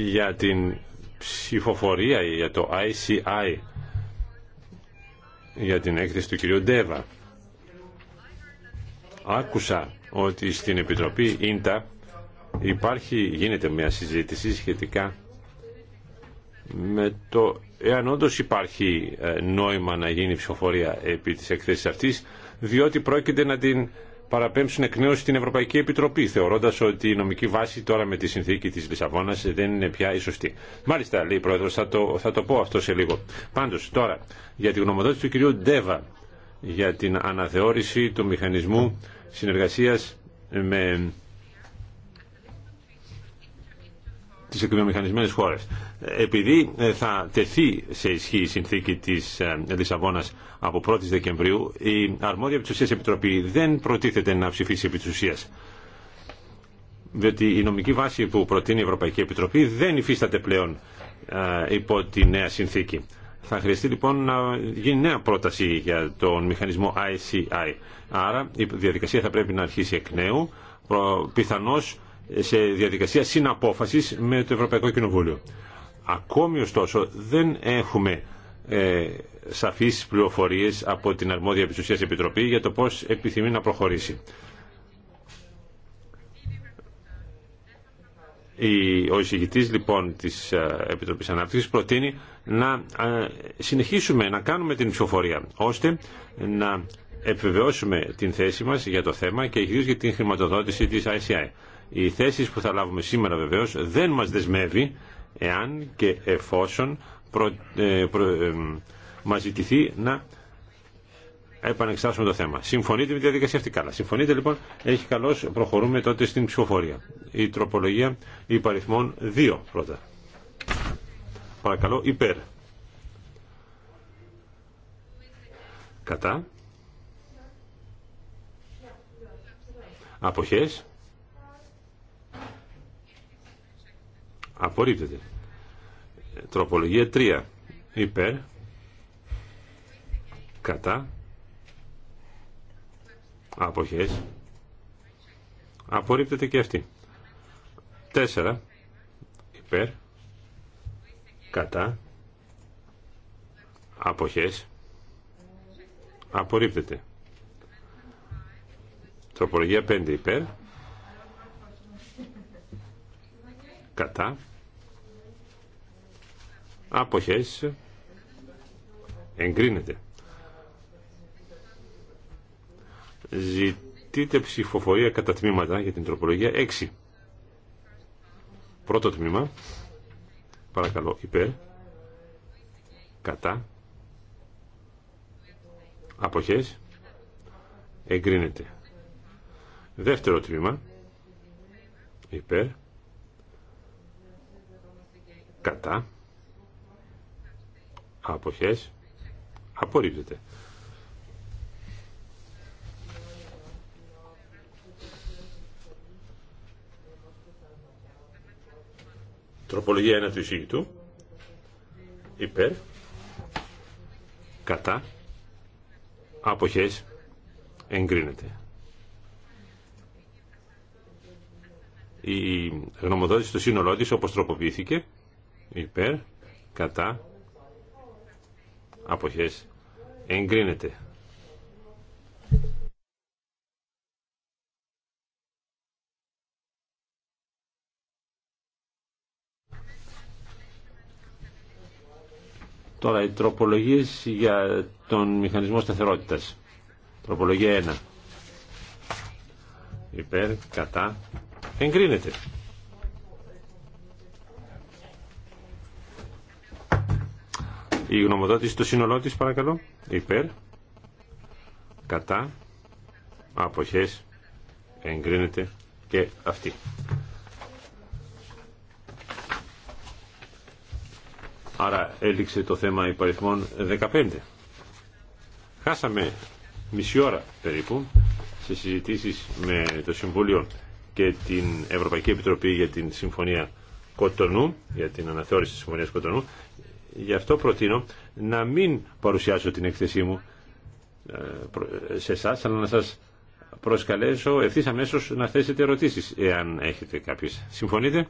για την ψηφοφορία για το ICI για την έκθεση του κυρίου Ντέβα. Άκουσα ότι στην Επιτροπή Ίντα υπάρχει, γίνεται μια συζήτηση σχετικά με το εάν όντως υπάρχει ε, νόημα να γίνει ψηφοφορία επί της εκθέσης αυτής, διότι πρόκειται να την παραπέμψουν εκ νέου στην Ευρωπαϊκή Επιτροπή, θεωρώντα ότι η νομική βάση τώρα με τη συνθήκη τη Λισαβόνα δεν είναι πια η σωστή. Μάλιστα, λέει η Πρόεδρο, θα το, θα το πω αυτό σε λίγο. Πάντω, τώρα, για τη γνωμοδότηση του κυρίου Ντέβα για την αναθεώρηση του μηχανισμού συνεργασία με τις εκβιομηχανισμένες χώρες. Επειδή ε, θα τεθεί σε ισχύ η συνθήκη της ε, Λισαβόνας από 1η Δεκεμβρίου, η αρμόδια επιτουσίας επιτροπή δεν προτίθεται να ψηφίσει επιτουσίας. Διότι η νομική βάση που προτείνει η Ευρωπαϊκή Επιτροπή δεν υφίσταται πλέον ε, υπό τη νέα συνθήκη. Θα χρειαστεί λοιπόν να γίνει νέα πρόταση για τον μηχανισμό ICI. Άρα η διαδικασία θα πρέπει να αρχίσει εκ νέου, πιθανώς σε διαδικασία συναπόφασης με το Ευρωπαϊκό Κοινοβούλιο. Ακόμη ωστόσο δεν έχουμε ε, σαφείς πληροφορίες από την αρμόδια επιστουσίας επιτροπή για το πώς επιθυμεί να προχωρήσει. Ο εισηγητή λοιπόν της ε, Επιτροπής Ανάπτυξης προτείνει να ε, συνεχίσουμε να κάνουμε την ψηφοφορία ώστε να επιβεβαιώσουμε την θέση μα για το θέμα και ιδίω για την χρηματοδότηση τη ICI. Οι θέσει που θα λάβουμε σήμερα βεβαίως δεν μας δεσμεύει εάν και εφόσον προ, ε, ε, μας ζητηθεί να επανεξάσουμε το θέμα. Συμφωνείτε με τη διαδικασία αυτή καλά. Συμφωνείτε λοιπόν, έχει καλώ προχωρούμε τότε στην ψηφοφορία. Η τροπολογία υπαριθμών 2 πρώτα. Παρακαλώ υπέρ. Κατά. Αποχές. Απορρίπτεται. Τροπολογία 3. Υπέρ. Κατά. Αποχές. Απορρίπτεται και αυτή. 4. Υπέρ. Κατά. Αποχές. Απορρίπτεται. Τροπολογία 5 υπέρ. κατά αποχές εγκρίνεται ζητείτε ψηφοφορία κατά τμήματα για την τροπολογία 6 πρώτο τμήμα παρακαλώ υπέρ κατά αποχές εγκρίνεται δεύτερο τμήμα υπέρ κατά αποχές απορρίπτεται. Τροπολογία 1 του εισηγητού. Υπέρ. Κατά. Αποχές. Εγκρίνεται. Η γνωμοδότηση στο σύνολό της όπως τροποποιήθηκε υπέρ κατά αποχές εγκρίνεται. Τώρα οι τροπολογίες για τον μηχανισμό σταθερότητας. Τροπολογία 1. Υπέρ, κατά, εγκρίνεται. Η γνωμοδότηση στο σύνολό της παρακαλώ. Υπέρ. Κατά. Αποχές. Εγκρίνεται και αυτή. Άρα έληξε το θέμα υπαριθμών 15. Χάσαμε μισή ώρα περίπου σε συζητήσεις με το Συμβούλιο και την Ευρωπαϊκή Επιτροπή για την Συμφωνία Κοτονού, για την αναθεώρηση της Συμφωνίας Κοτονού Γι' αυτό προτείνω να μην παρουσιάσω την έκθεσή μου ε, σε εσά, αλλά να σας προσκαλέσω ευθύ αμέσω να θέσετε ερωτήσεις, εάν έχετε κάποιες. Συμφωνείτε?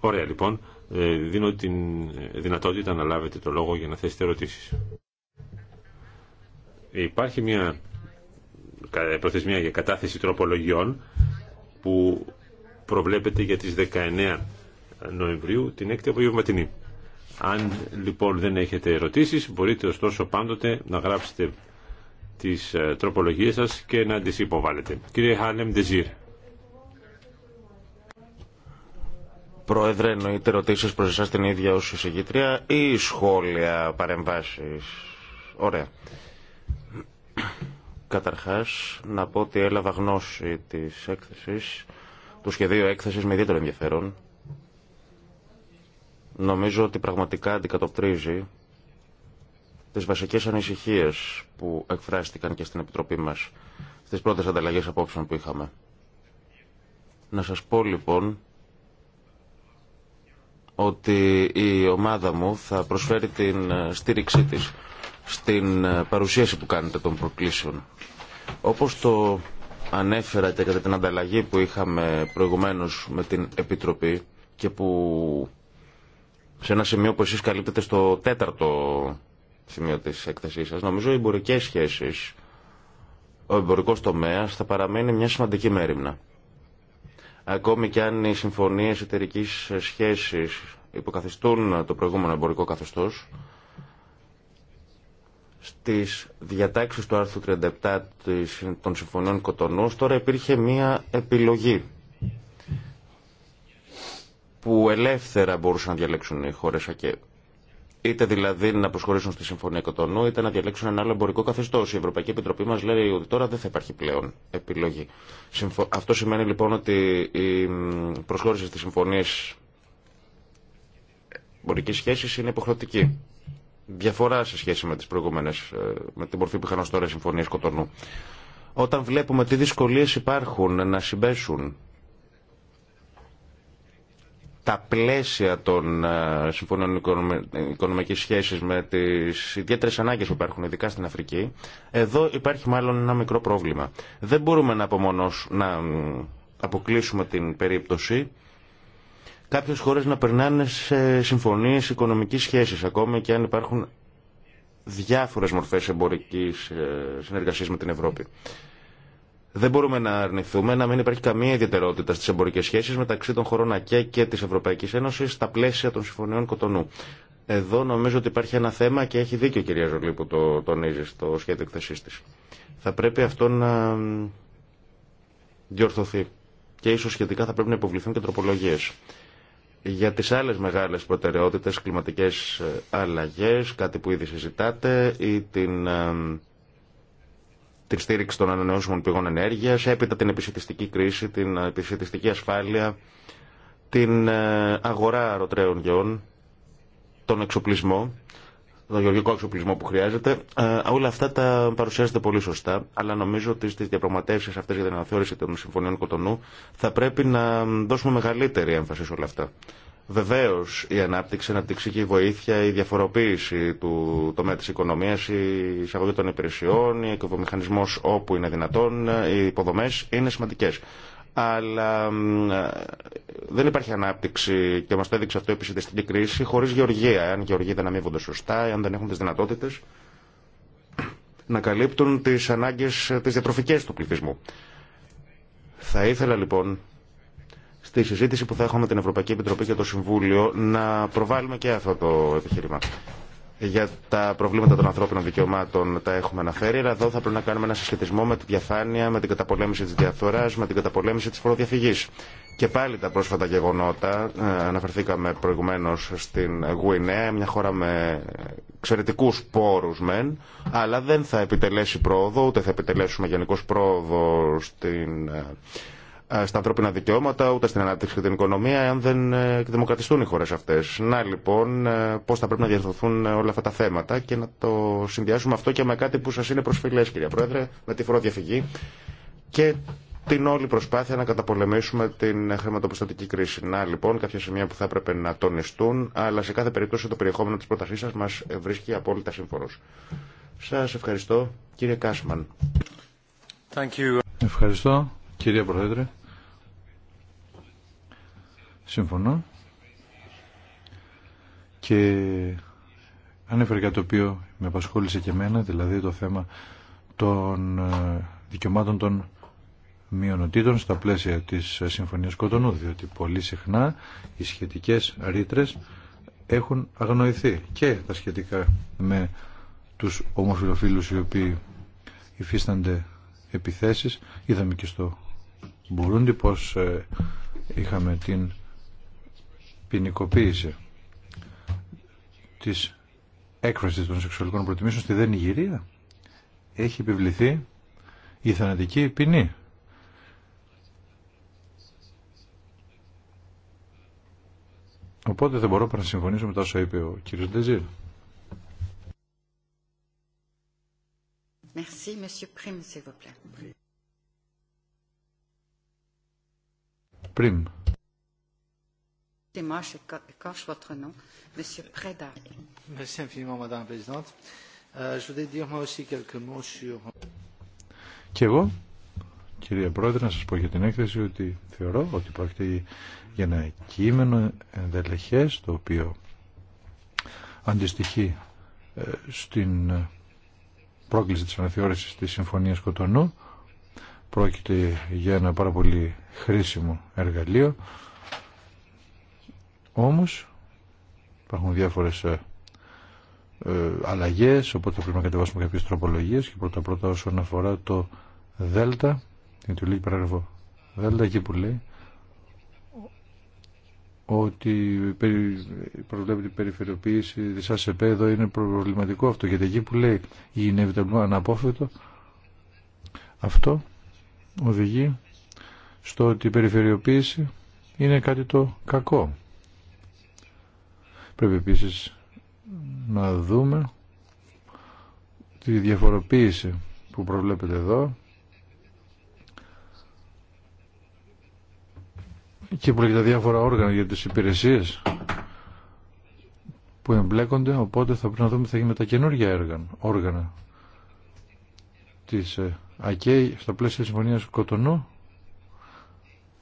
Ωραία λοιπόν. Ε, δίνω την ε, δυνατότητα να λάβετε το λόγο για να θέσετε ερωτήσεις. Υπάρχει μια προθεσμία για κατάθεση τροπολογιών που προβλέπεται για τις 19 Νοεμβρίου την 6η απογευματινή. Αν λοιπόν δεν έχετε ερωτήσεις μπορείτε ωστόσο πάντοτε να γράψετε τις ε, τροπολογίες σας και να τις υποβάλλετε. Κύριε Χάλεμ Ντεζίρ. Πρόεδρε, εννοείται ερωτήσεις προς εσάς την ίδια ως εισηγήτρια ή σχόλια, παρεμβάσεις. Ωραία. Καταρχάς, να πω ότι έλαβα γνώση της έκθεσης, του σχεδίου έκθεσης με ιδιαίτερο ενδιαφέρον νομίζω ότι πραγματικά αντικατοπτρίζει τις βασικές ανησυχίες που εκφράστηκαν και στην Επιτροπή μας στις πρώτες ανταλλαγές απόψεων που είχαμε. Να σας πω λοιπόν ότι η ομάδα μου θα προσφέρει την ε, στήριξή της στην ε, παρουσίαση που κάνετε των προκλήσεων. Όπως το ανέφερα και κατά την ανταλλαγή που είχαμε προηγουμένως με την Επιτροπή και που σε ένα σημείο που εσείς καλύπτετε στο τέταρτο σημείο της έκθεσής σας. Νομίζω οι εμπορικέ σχέσεις, ο εμπορικό τομέα θα παραμένει μια σημαντική μέρημνα. Ακόμη και αν οι συμφωνίες εταιρική σχέσης υποκαθιστούν το προηγούμενο εμπορικό καθεστώς, στις διατάξεις του άρθρου 37 των συμφωνιών Κοτονού, τώρα υπήρχε μία επιλογή που ελεύθερα μπορούσαν να διαλέξουν οι χώρε ΑΚΕ. Είτε δηλαδή να προσχωρήσουν στη Συμφωνία Κοτονού, είτε να διαλέξουν ένα άλλο εμπορικό καθεστώ. Η Ευρωπαϊκή Επιτροπή μα λέει ότι τώρα δεν θα υπάρχει πλέον επιλογή. Αυτό σημαίνει λοιπόν ότι η προσχώρηση στι συμφωνίε εμπορική σχέση είναι υποχρεωτική. Διαφορά σε σχέση με, τι ε, με την μορφή που είχαν ω τώρα οι συμφωνίε Κοτονού. Όταν βλέπουμε τι δυσκολίε υπάρχουν να συμπέσουν τα πλαίσια των ε, συμφωνών οικονομικής σχέσης με τις ιδιαίτερες ανάγκες που υπάρχουν, ειδικά στην Αφρική, εδώ υπάρχει μάλλον ένα μικρό πρόβλημα. Δεν μπορούμε να, να αποκλείσουμε την περίπτωση κάποιες χώρες να περνάνε σε συμφωνίες οικονομικής σχέσης, ακόμη και αν υπάρχουν διάφορες μορφές εμπορικής ε, συνεργασίας με την Ευρώπη. Δεν μπορούμε να αρνηθούμε να μην υπάρχει καμία ιδιαιτερότητα στι εμπορικέ σχέσει μεταξύ των χωρών ΑΚΕ και τη Ευρωπαϊκή Ένωση στα πλαίσια των συμφωνιών Κοτονού. Εδώ νομίζω ότι υπάρχει ένα θέμα και έχει δίκιο η κυρία Ζολή που το τονίζει στο σχέδιο εκθεσή τη. Θα πρέπει αυτό να διορθωθεί. Και ίσω σχετικά θα πρέπει να υποβληθούν και τροπολογίε. Για τι άλλε μεγάλε προτεραιότητε, κλιματικέ ε, αλλαγέ, κάτι που ήδη συζητάτε, ή την ε, τη στήριξη των ανανεώσιμων πηγών ενέργεια, έπειτα την επισητιστική κρίση, την επισητιστική ασφάλεια, την ε, αγορά αεροτρέων γεών, τον εξοπλισμό, τον γεωργικό εξοπλισμό που χρειάζεται. Ε, όλα αυτά τα παρουσιάζεται πολύ σωστά, αλλά νομίζω ότι στι διαπραγματεύσει αυτέ για την αναθεώρηση των συμφωνιών Κοτονού θα πρέπει να δώσουμε μεγαλύτερη έμφαση σε όλα αυτά. Βεβαίω η ανάπτυξη, η αναπτυξική βοήθεια, η διαφοροποίηση του τομέα τη οικονομία, η εισαγωγή των υπηρεσιών, ο οικοβιομηχανισμό όπου είναι δυνατόν, οι υποδομέ είναι σημαντικέ. Αλλά δεν υπάρχει ανάπτυξη και μα το έδειξε αυτό η επιστημιστική κρίση χωρί γεωργία. Αν οι γεωργοί δεν αμείβονται σωστά, αν δεν έχουν τι δυνατότητε να καλύπτουν τι ανάγκε, τι διατροφικέ του πληθυσμού. Θα ήθελα λοιπόν στη συζήτηση που θα έχουμε την Ευρωπαϊκή Επιτροπή και το Συμβούλιο να προβάλλουμε και αυτό το επιχείρημα. Για τα προβλήματα των ανθρώπινων δικαιωμάτων τα έχουμε αναφέρει, αλλά εδώ θα πρέπει να κάνουμε ένα συσχετισμό με τη διαφάνεια, με την καταπολέμηση τη διαφθορά, με την καταπολέμηση τη φοροδιαφυγή. Και πάλι τα πρόσφατα γεγονότα, ε, αναφερθήκαμε προηγουμένω στην Γουινέα, μια χώρα με εξαιρετικού πόρου μεν, αλλά δεν θα επιτελέσει πρόοδο, ούτε θα επιτελέσουμε γενικώ πρόοδο στην ε, ε, στα ανθρώπινα δικαιώματα, ούτε στην ανάπτυξη και την οικονομία, αν δεν ε, εκδημοκρατιστούν οι χώρε αυτέ. Να λοιπόν, ε, πώ θα πρέπει να διαρθωθούν όλα αυτά τα θέματα και να το συνδυάσουμε αυτό και με κάτι που σα είναι προσφυλέ, κυρία Πρόεδρε, με τη φοροδιαφυγή και την όλη προσπάθεια να καταπολεμήσουμε την χρηματοπιστωτική κρίση. Να λοιπόν, κάποια σημεία που θα έπρεπε να τονιστούν, αλλά σε κάθε περίπτωση το περιεχόμενο τη πρότασή σα μα βρίσκει απόλυτα σύμφωνο. Σα ευχαριστώ, κύριε Κάσμαν. Thank you. Ευχαριστώ, κύριε Πρόεδρε. Συμφωνώ. Και ανέφερε κάτι το οποίο με απασχόλησε και εμένα, δηλαδή το θέμα των ε, δικαιωμάτων των μειονοτήτων στα πλαίσια της ε, Συμφωνίας Κοτονού, διότι πολύ συχνά οι σχετικές ρήτρε έχουν αγνοηθεί και τα σχετικά με τους ομοφιλοφίλους οι οποίοι υφίστανται επιθέσεις. Είδαμε και στο Μπουρούντι πως ε, είχαμε την ποινικοποίηση της έκφρασης των σεξουαλικών προτιμήσεων στη δενιγυρία έχει επιβληθεί η θανατική ποινή. Οπότε δεν μπορώ να συμφωνήσω με τα όσα είπε ο κ. Ντεζίρ. Merci, Monsieur s'il vous plaît. Euh, Και εγώ, κυρία Πρόεδρε, να σας πω για την έκθεση ότι θεωρώ ότι πρόκειται για ένα κείμενο ενδελεχές το οποίο αντιστοιχεί ε, στην ε, πρόκληση της αναθεώρησης της Συμφωνίας Κοτονού. Πρόκειται για ένα πάρα πολύ χρήσιμο εργαλείο όμως υπάρχουν διάφορες ε, ε αλλαγές, οπότε πρέπει να κατεβάσουμε κάποιες τροπολογίες και πρώτα πρώτα όσον αφορά το Δέλτα, την τελική παράγραφο Δέλτα εκεί που λέει ότι προβλέπει την περιφερειοποίηση της ΑΣΕΠ εδώ είναι προβληματικό αυτό γιατί εκεί που λέει η επιτελικό αναπόφευκτο αυτό οδηγεί στο ότι η περιφερειοποίηση είναι κάτι το κακό Πρέπει επίσης να δούμε τη διαφοροποίηση που προβλέπετε εδώ και που τα διάφορα όργανα για τις υπηρεσίες που εμπλέκονται, οπότε θα πρέπει να δούμε τι θα γίνει με τα καινούργια όργανα της ε, ΑΚΕΙ στα πλαίσια της Συμφωνίας Κοτονού.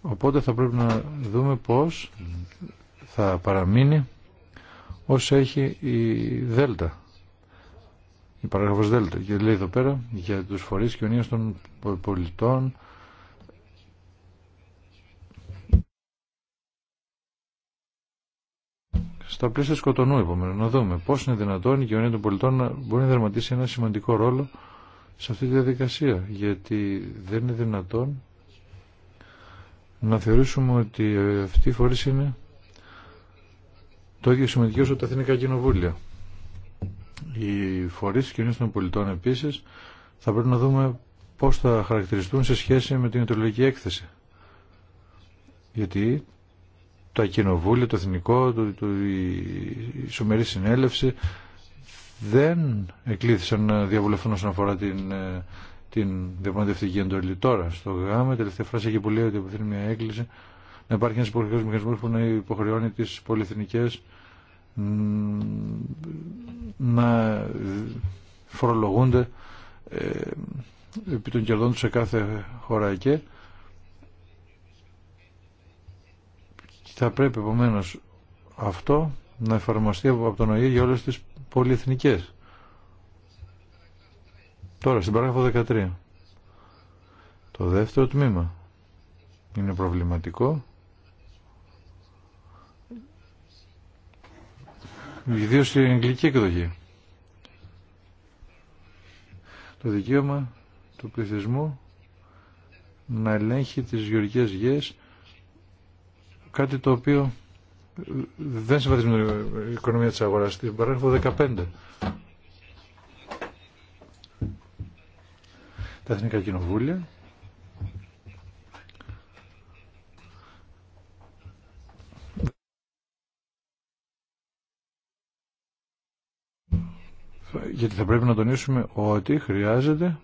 Οπότε θα πρέπει να δούμε πώς θα παραμείνει όσα έχει η Δέλτα. Η παράγραφος Δέλτα. Και λέει εδώ πέρα για τους φορείς κοινωνίας των πολιτών, στα πλαίσια σκοτωνού επομένω. Να δούμε πώ είναι δυνατόν η κοινωνία των πολιτών να μπορεί να δραματίσει ένα σημαντικό ρόλο σε αυτή τη διαδικασία. Γιατί δεν είναι δυνατόν να θεωρήσουμε ότι αυτοί οι φορεί είναι το ίδιο σημαντικό όσο τα εθνικά κοινοβούλια. Οι φορεί τη κοινωνία των πολιτών επίση θα πρέπει να δούμε πώ θα χαρακτηριστούν σε σχέση με την ιδεολογική έκθεση. Γιατί το κοινοβούλια, το εθνικό, το, το, η σωμερή συνέλευση δεν εκλήθησαν να διαβουλευτούν όσον αφορά την, ε, την διαπραγματευτική εντολή. Τώρα, στο ΓΑΜΕ, τελευταία φράση έχει πολύ ότι απευθύνει μια έκκληση να υπάρχει ένας υποχρεωτικός μηχανισμός που να υποχρεώνει τις πολυεθνικές να φορολογούνται ε, επί των κερδών τους σε κάθε χώρα και θα πρέπει επομένω αυτό να εφαρμοστεί από τον ΟΗΕ για όλες τις πολυεθνικές. Τώρα, στην παράγραφο 13. Το δεύτερο τμήμα είναι προβληματικό ιδίω η αγγλική εκδοχή. Το δικαίωμα του πληθυσμού να ελέγχει τις γεωργικές γης κάτι το οποίο δεν συμβαδίζει με την οικονομία της αγοράς στην παράγραφο 15 τα Εθνικά Κοινοβούλια γιατί θα πρέπει να τονίσουμε ότι χρειάζεται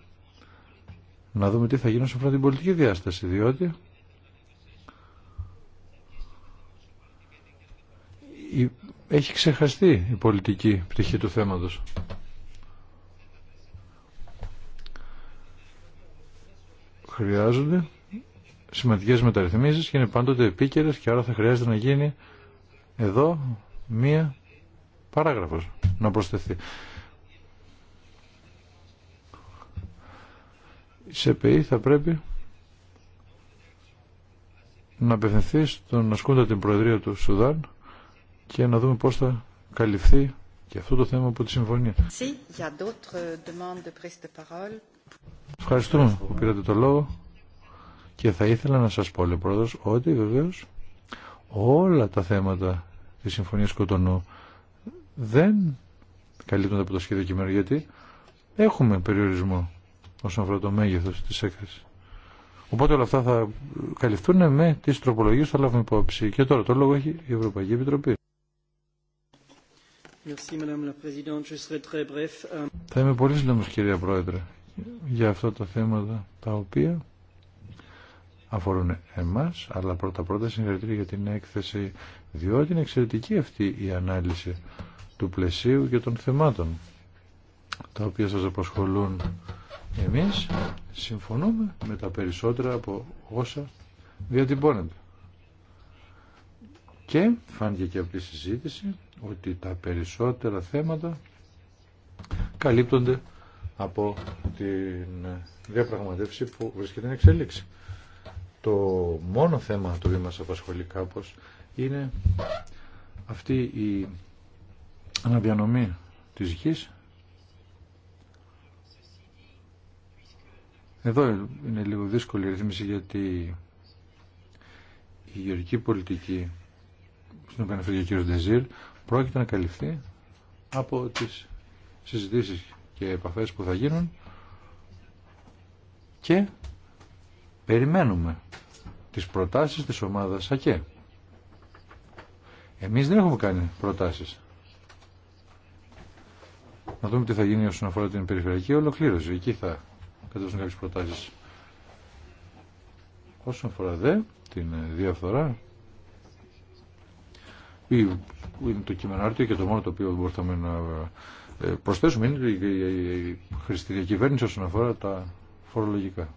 να δούμε τι θα γίνει σε αυτή την πολιτική διάσταση, διότι έχει ξεχαστεί η πολιτική πτυχή του θέματος. Χρειάζονται σημαντικές μεταρρυθμίσεις και είναι πάντοτε επίκαιρες και άρα θα χρειάζεται να γίνει εδώ μία παράγραφος να προσθεθεί. σε ΠΕΗ θα πρέπει να απευθυνθεί στον ασκούντα την Προεδρία του Σουδάν και να δούμε πώς θα καλυφθεί και αυτό το θέμα από τη συμφωνία. Ευχαριστούμε που πήρατε το λόγο και θα ήθελα να σας πω, Λεπρόεδρος, ότι βεβαίως όλα τα θέματα της Συμφωνίας Κοτονού δεν καλύπτονται από το σχέδιο κειμένου γιατί έχουμε περιορισμό όσον αφορά το μέγεθο τη έκθεση. Οπότε όλα αυτά θα καλυφθούν με τι τροπολογίε που θα λάβουμε υπόψη. Και τώρα το λόγο έχει η Ευρωπαϊκή Επιτροπή. Θα είμαι πολύ σύντομο, κυρία Πρόεδρε για αυτά τα θέματα τα οποία αφορούν εμά, αλλά πρώτα πρώτα συγχαρητήρια για την έκθεση διότι είναι εξαιρετική αυτή η ανάλυση του πλαισίου και των θεμάτων τα οποία σας απασχολούν εμείς συμφωνούμε με τα περισσότερα από όσα διατυπώνεται. Και φάνηκε και από τη συζήτηση ότι τα περισσότερα θέματα καλύπτονται από την διαπραγματεύση που βρίσκεται να εξελίξει. Το μόνο θέμα το οποίο μας απασχολεί κάπως είναι αυτή η αναδιανομή της γης Εδώ είναι λίγο δύσκολη η ρυθμίση γιατί η γεωργική πολιτική στην οποία αναφέρει ο κ. Ντεζίρ πρόκειται να καλυφθεί από τις συζητήσεις και επαφές που θα γίνουν και περιμένουμε τις προτάσεις της ομάδας ΑΚΕ. Εμείς δεν έχουμε κάνει προτάσεις. Να δούμε τι θα γίνει όσον αφορά την περιφερειακή ολοκλήρωση. Εκεί θα κατέθεσαν κάποιες προτάσεις. Όσον αφορά δε την ε, διαφθορά, είναι το κείμενο και το μόνο το οποίο μπορούσαμε να ε, προσθέσουμε είναι η χρηστική κυβέρνηση όσον αφορά τα φορολογικά.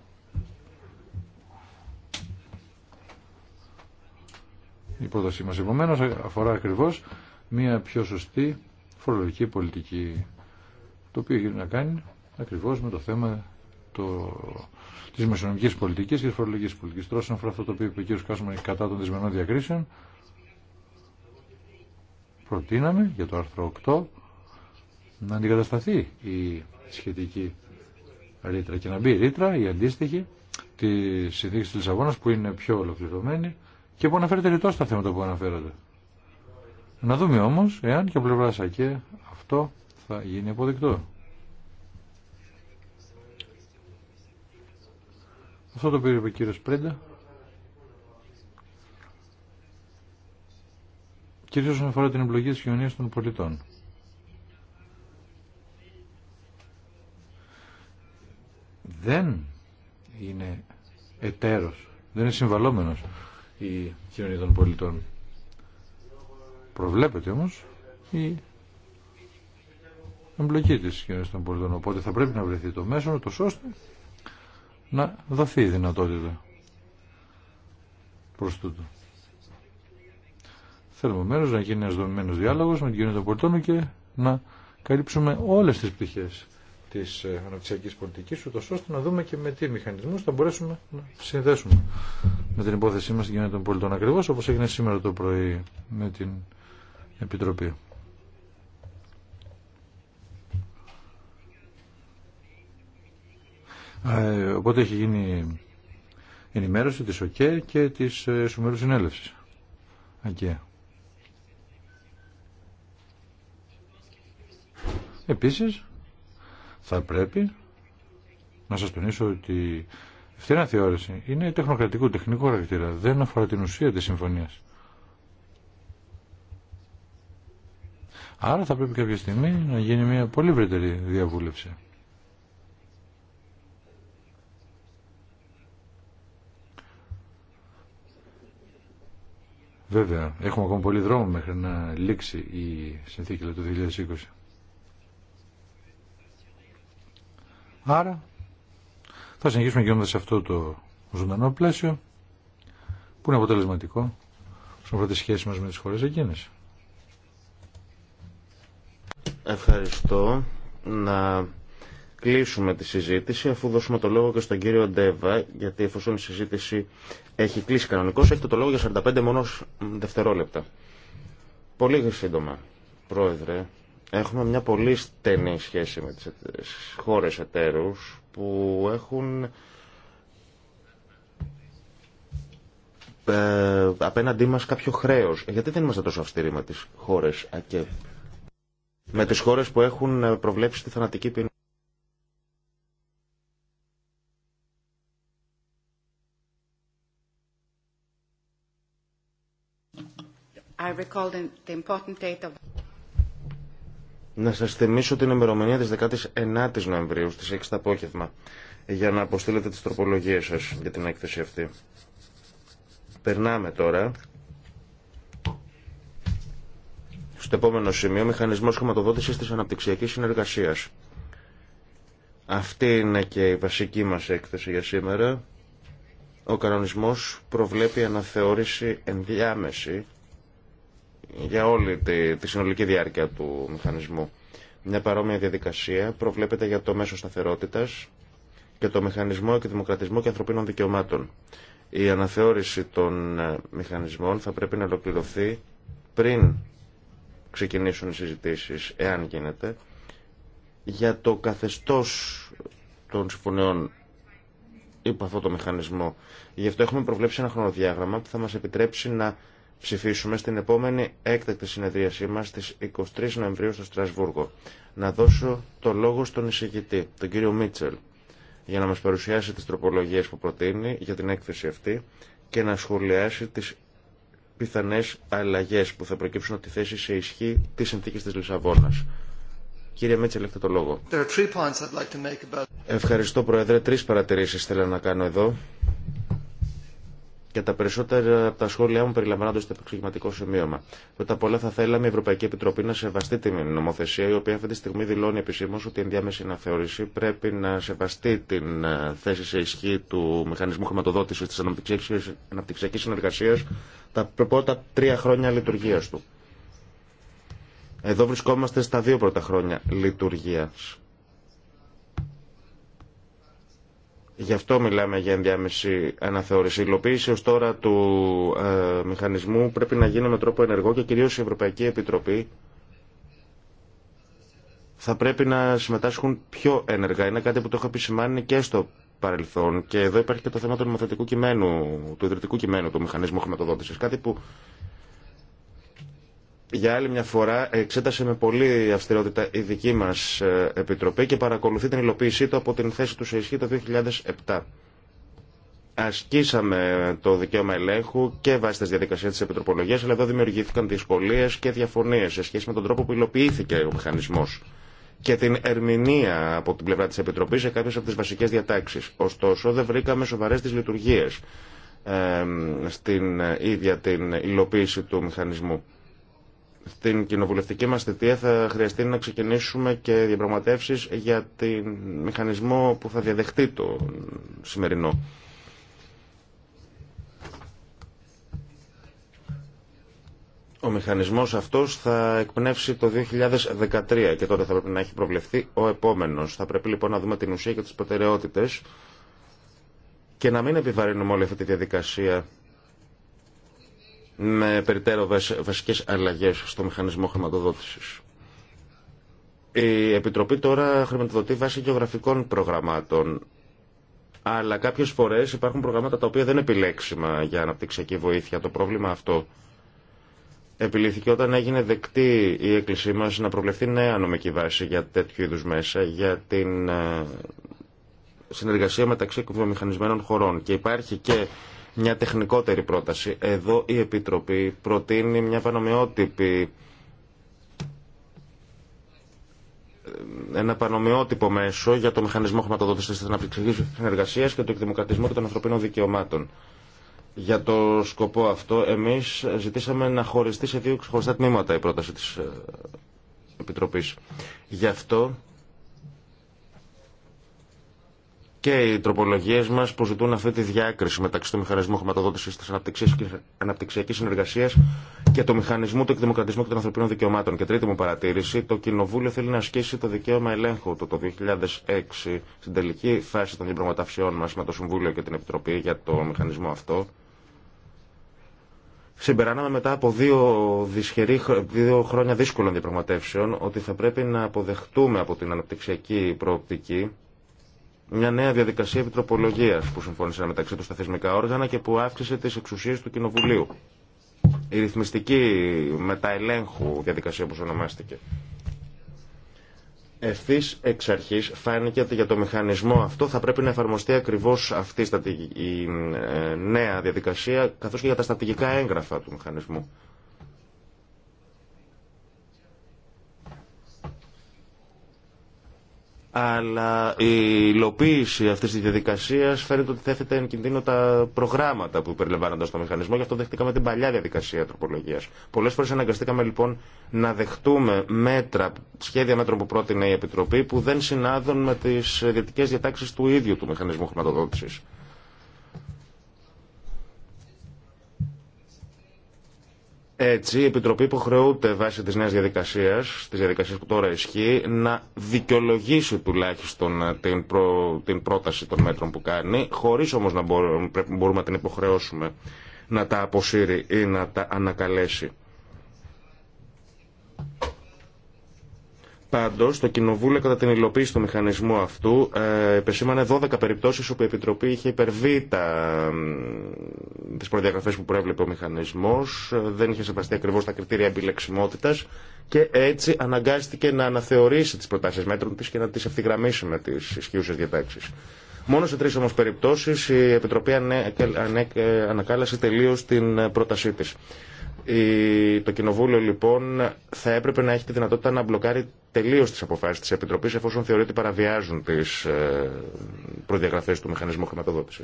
Η πρότασή μας επομένως αφορά ακριβώς μια πιο σωστή φορολογική πολιτική το οποίο έχει να κάνει ακριβώς με το θέμα το, της μεσονομικής πολιτικής και της φορολογικής πολιτικής. Τώρα, αφορά αυτό το οποίο είπε ο κ. Κάσμαν κατά των δυσμενών διακρίσεων, προτείναμε για το άρθρο 8 να αντικατασταθεί η σχετική ρήτρα και να μπει η ρήτρα, η αντίστοιχη, τη συνθήκη τη Λισαβόνα που είναι πιο ολοκληρωμένη και που αναφέρεται ρητό στα θέματα που αναφέρατε Να δούμε όμω εάν και ο πλευρά ΑΚΕ αυτό θα γίνει αποδεκτό. Αυτό το πήρε ο κύριο Πρέντα. Κυρίω όσον αφορά την εμπλοκή τη κοινωνία των πολιτών. Δεν είναι εταίρος, δεν είναι συμβαλόμενος η κοινωνία των πολιτών. Προβλέπεται όμως η εμπλοκή της κοινωνίας των πολιτών. Οπότε θα πρέπει να βρεθεί το μέσο, το ώστε να δοθεί η δυνατότητα προς τούτο. Θέλουμε μέρος να γίνει ένας δομημένος διάλογος με την κοινωνία των πολιτών και να καλύψουμε όλες τις πτυχές της ε, αναπτυξιακής πολιτικής ούτως ώστε να δούμε και με τι μηχανισμούς θα μπορέσουμε να συνδέσουμε με την υπόθεσή μας στην κοινωνία των πολιτών ακριβώς όπως έγινε σήμερα το πρωί με την Επιτροπή. Οπότε έχει γίνει ενημέρωση της ΟΚΕ και της ε, Σουμερού Συνέλευσης. Επίση, Επίσης, θα πρέπει να σας τονίσω ότι αυτή είναι θεώρηση. Είναι τεχνοκρατικού, τεχνικού χαρακτήρα. Δεν αφορά την ουσία της συμφωνίας. Άρα θα πρέπει κάποια στιγμή να γίνει μια πολύ βρετερή διαβούλευση. Βέβαια, έχουμε ακόμα πολύ δρόμο μέχρι να λήξει η συνθήκη του 2020. Άρα, θα συνεχίσουμε γίνοντας σε αυτό το ζωντανό πλαίσιο, που είναι αποτελεσματικό, στον πρώτη σχέση μας με τις χώρες εκείνες. Ευχαριστώ. Να κλείσουμε τη συζήτηση αφού δώσουμε το λόγο και στον κύριο Ντέβα γιατί εφόσον η συζήτηση έχει κλείσει κανονικώς έχετε το λόγο για 45 μόνο δευτερόλεπτα. Πολύ σύντομα, Πρόεδρε, έχουμε μια πολύ στενή σχέση με τις χώρες εταίρους που έχουν ε, απέναντί μας κάποιο χρέος. Γιατί δεν είμαστε τόσο αυστηροί με τις χώρες με τις χώρες που έχουν ε, προβλέψει τη θανατική ποινή. Να σας θυμίσω την ημερομηνία της 19ης Νοεμβρίου στις 6 το απόγευμα για να αποστείλετε τις τροπολογίες σας για την έκθεση αυτή. Περνάμε τώρα στο επόμενο σημείο μηχανισμός χρηματοδότησης της αναπτυξιακής συνεργασίας. Αυτή είναι και η βασική μας έκθεση για σήμερα. Ο κανονισμός προβλέπει αναθεώρηση ενδιάμεση για όλη τη, συνολική διάρκεια του μηχανισμού. Μια παρόμοια διαδικασία προβλέπεται για το μέσο σταθερότητα και το μηχανισμό και εκδημοκρατισμού και ανθρωπίνων δικαιωμάτων. Η αναθεώρηση των ε, μηχανισμών θα πρέπει να ολοκληρωθεί πριν ξεκινήσουν οι συζητήσεις, εάν γίνεται, για το καθεστώς των συμφωνιών υπό αυτό το μηχανισμό. Γι' αυτό έχουμε προβλέψει ένα χρονοδιάγραμμα που θα μας επιτρέψει να ψηφίσουμε στην επόμενη έκτακτη συνεδρίασή μας στις 23 Νοεμβρίου στο Στρασβούργο. Να δώσω το λόγο στον εισηγητή, τον κύριο Μίτσελ, για να μας παρουσιάσει τις τροπολογίες που προτείνει για την έκθεση αυτή και να σχολιάσει τις πιθανές αλλαγές που θα προκύψουν από τη θέση σε ισχύ της συνθήκης της Λισαβόνας. Κύριε Μίτσελ, έχετε το λόγο. Ευχαριστώ, Πρόεδρε. Τρεις παρατηρήσεις θέλω να κάνω εδώ και τα περισσότερα από τα σχόλιά μου περιλαμβάνονται στο επεξηγηματικό σημείωμα. Πρώτα απ' όλα θα θέλαμε η Ευρωπαϊκή Επιτροπή να σεβαστεί την νομοθεσία, η οποία αυτή τη στιγμή δηλώνει επισήμω ότι η ενδιάμεση αναθεώρηση πρέπει να σεβαστεί την ε, θέση σε ισχύ του μηχανισμού χρηματοδότηση τη αναπτυξιακή συνεργασία τα πρώτα τρία χρόνια λειτουργία του. Εδώ βρισκόμαστε στα δύο πρώτα χρόνια λειτουργία. Γι' αυτό μιλάμε για ενδιάμεση αναθεώρηση. Η υλοποίηση ω τώρα του ε, μηχανισμού πρέπει να γίνει με τρόπο ενεργό και κυρίω η Ευρωπαϊκή Επιτροπή θα πρέπει να συμμετάσχουν πιο ενεργά. Είναι κάτι που το έχω επισημάνει και στο παρελθόν. Και εδώ υπάρχει και το θέμα του νομοθετικού κειμένου, του ιδρυτικού κειμένου του μηχανισμού χρηματοδότηση. Κάτι που για άλλη μια φορά εξέτασε με πολύ αυστηρότητα η δική μας ε, Επιτροπή και παρακολουθεί την υλοποίησή του από την θέση του σε ισχύ το 2007. Ασκήσαμε το δικαίωμα ελέγχου και βάσει τη διαδικασία τη Επιτροπολογία, αλλά εδώ δημιουργήθηκαν δυσκολίε και διαφωνίε σε σχέση με τον τρόπο που υλοποιήθηκε ο μηχανισμό και την ερμηνεία από την πλευρά τη Επιτροπή σε κάποιε από τι βασικέ διατάξει. Ωστόσο, δεν βρήκαμε σοβαρέ τι λειτουργίε ε, στην ε, ίδια την υλοποίηση του μηχανισμού στην κοινοβουλευτική μας θητεία θα χρειαστεί να ξεκινήσουμε και διαπραγματεύσεις για την μηχανισμό που θα διαδεχτεί το σημερινό. Ο μηχανισμός αυτός θα εκπνεύσει το 2013 και τότε θα πρέπει να έχει προβλεφθεί ο επόμενος. Θα πρέπει λοιπόν να δούμε την ουσία και τις προτεραιότητες και να μην επιβαρύνουμε όλη αυτή τη διαδικασία με περιττέρω βασικές αλλαγές στο μηχανισμό χρηματοδότησης. Η Επιτροπή τώρα χρηματοδοτεί βάσει γεωγραφικών προγραμμάτων. Αλλά κάποιες φορές υπάρχουν προγράμματα τα οποία δεν είναι επιλέξιμα για αναπτυξιακή βοήθεια. Το πρόβλημα αυτό επιλήθηκε όταν έγινε δεκτή η έκκλησή μας να προβλεφθεί νέα νομική βάση για τέτοιου είδους μέσα, για την ε, συνεργασία μεταξύ εκβιομηχανισμένων χωρών. Και υπάρχει και μια τεχνικότερη πρόταση. Εδώ η Επιτροπή προτείνει μια πανομοιότυπη ένα πανομοιότυπο μέσο για το μηχανισμό χρηματοδότηση τη αναπτυξιακή συνεργασία και του εκδημοκρατισμού και των ανθρωπίνων δικαιωμάτων. Για το σκοπό αυτό, εμεί ζητήσαμε να χωριστεί σε δύο ξεχωριστά τμήματα η πρόταση τη ε, Επιτροπή. Γι' αυτό και οι τροπολογίε μα που ζητούν αυτή τη διάκριση μεταξύ του μηχανισμού χρηματοδότηση τη αναπτυξιακή συνεργασία και του μηχανισμού του εκδημοκρατισμού και των ανθρωπίνων δικαιωμάτων. Και τρίτη μου παρατήρηση, το Κοινοβούλιο θέλει να ασκήσει το δικαίωμα ελέγχου του το 2006 στην τελική φάση των διαπραγματεύσεών μα με το Συμβούλιο και την Επιτροπή για το μηχανισμό αυτό. Συμπεράναμε μετά από δύο, δύο χρόνια δύσκολων διαπραγματεύσεων ότι θα πρέπει να αποδεχτούμε από την αναπτυξιακή προοπτική μια νέα διαδικασία επιτροπολογία που συμφώνησαν μεταξύ του τα θεσμικά όργανα και που αύξησε τι εξουσίε του Κοινοβουλίου. Η ρυθμιστική μεταελέγχου διαδικασία, όπω ονομάστηκε. Ευθύ εξ αρχή φάνηκε ότι για το μηχανισμό αυτό θα πρέπει να εφαρμοστεί ακριβώ αυτή η ε, νέα διαδικασία, καθώ και για τα στατηγικά έγγραφα του μηχανισμού. αλλά η υλοποίηση αυτής της διαδικασίας φαίνεται ότι θέθεται εν κινδύνο τα προγράμματα που περιλαμβάνονται στο μηχανισμό, γι' αυτό δεχτήκαμε την παλιά διαδικασία τροπολογίας. Πολλές φορές αναγκαστήκαμε λοιπόν να δεχτούμε μέτρα, σχέδια μέτρων που πρότεινε η Επιτροπή που δεν συνάδουν με τις διατικές διατάξεις του ίδιου του μηχανισμού χρηματοδότησης. Έτσι, η Επιτροπή υποχρεούται βάσει της νέα διαδικασίας, της διαδικασίας που τώρα ισχύει, να δικαιολογήσει τουλάχιστον ε, την, προ... την πρόταση των μέτρων που κάνει, χωρίς όμως να μπορούμε, μπορούμε να την υποχρεώσουμε να τα αποσύρει ή να τα ανακαλέσει. Πάντω, το Κοινοβούλιο κατά την υλοποίηση του μηχανισμού αυτού ε, επεσήμανε 12 περιπτώσει όπου η Επιτροπή είχε υπερβεί ε, τι προδιαγραφέ που προέβλεπε ο μηχανισμό, ε, δεν είχε σεβαστεί ακριβώ τα κριτήρια επιλεξιμότητα και έτσι αναγκάστηκε να αναθεωρήσει τι προτάσει μέτρων τη και να τι ευθυγραμμίσει με τι ισχύουσε διατάξει. Μόνο σε τρει όμω περιπτώσει η Επιτροπή ανέ, ανέ, ε, ανακάλασε τελείω την πρότασή τη. Το Κοινοβούλιο λοιπόν θα έπρεπε να έχει τη δυνατότητα να μπλοκάρει τελείω τι αποφάσει τη Επιτροπή εφόσον θεωρεί ότι παραβιάζουν τι ε, προδιαγραφέ του μηχανισμού χρηματοδότηση.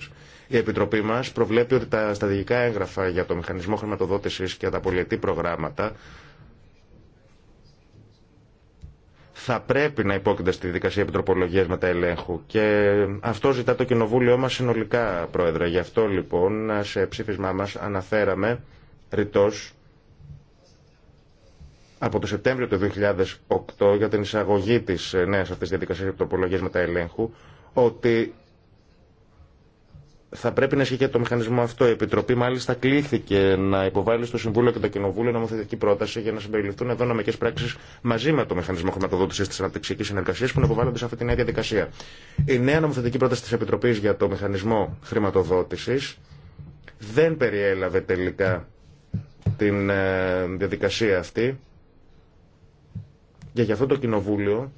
Η Επιτροπή μα προβλέπει ότι τα στρατηγικά έγγραφα για το μηχανισμό χρηματοδότηση και τα πολιετή προγράμματα θα πρέπει να υπόκεινται στη δικασία επιτροπολογίας ελέγχου και αυτό ζητά το κοινοβούλιο μα συνολικά, Πρόεδρε. Γι' αυτό λοιπόν σε ψήφισμά μα αναφέραμε ρητός από το Σεπτέμβριο του 2008 για την εισαγωγή της ε, νέας αυτής διαδικασίας επιτροπολογίας ελέγχου, ότι θα πρέπει να ισχύει το μηχανισμό αυτό. Η Επιτροπή μάλιστα κλήθηκε να υποβάλει στο Συμβούλιο και το Κοινοβούλιο νομοθετική πρόταση για να συμπεριληφθούν εδώ νομικέ πράξει μαζί με το μηχανισμό χρηματοδότηση τη αναπτυξιακή συνεργασία που να υποβάλλονται σε αυτή τη νέα διαδικασία. Η νέα νομοθετική πρόταση τη Επιτροπή για το μηχανισμό χρηματοδότηση δεν περιέλαβε τελικά την ε, διαδικασία αυτή και για αυτό το Κοινοβούλιο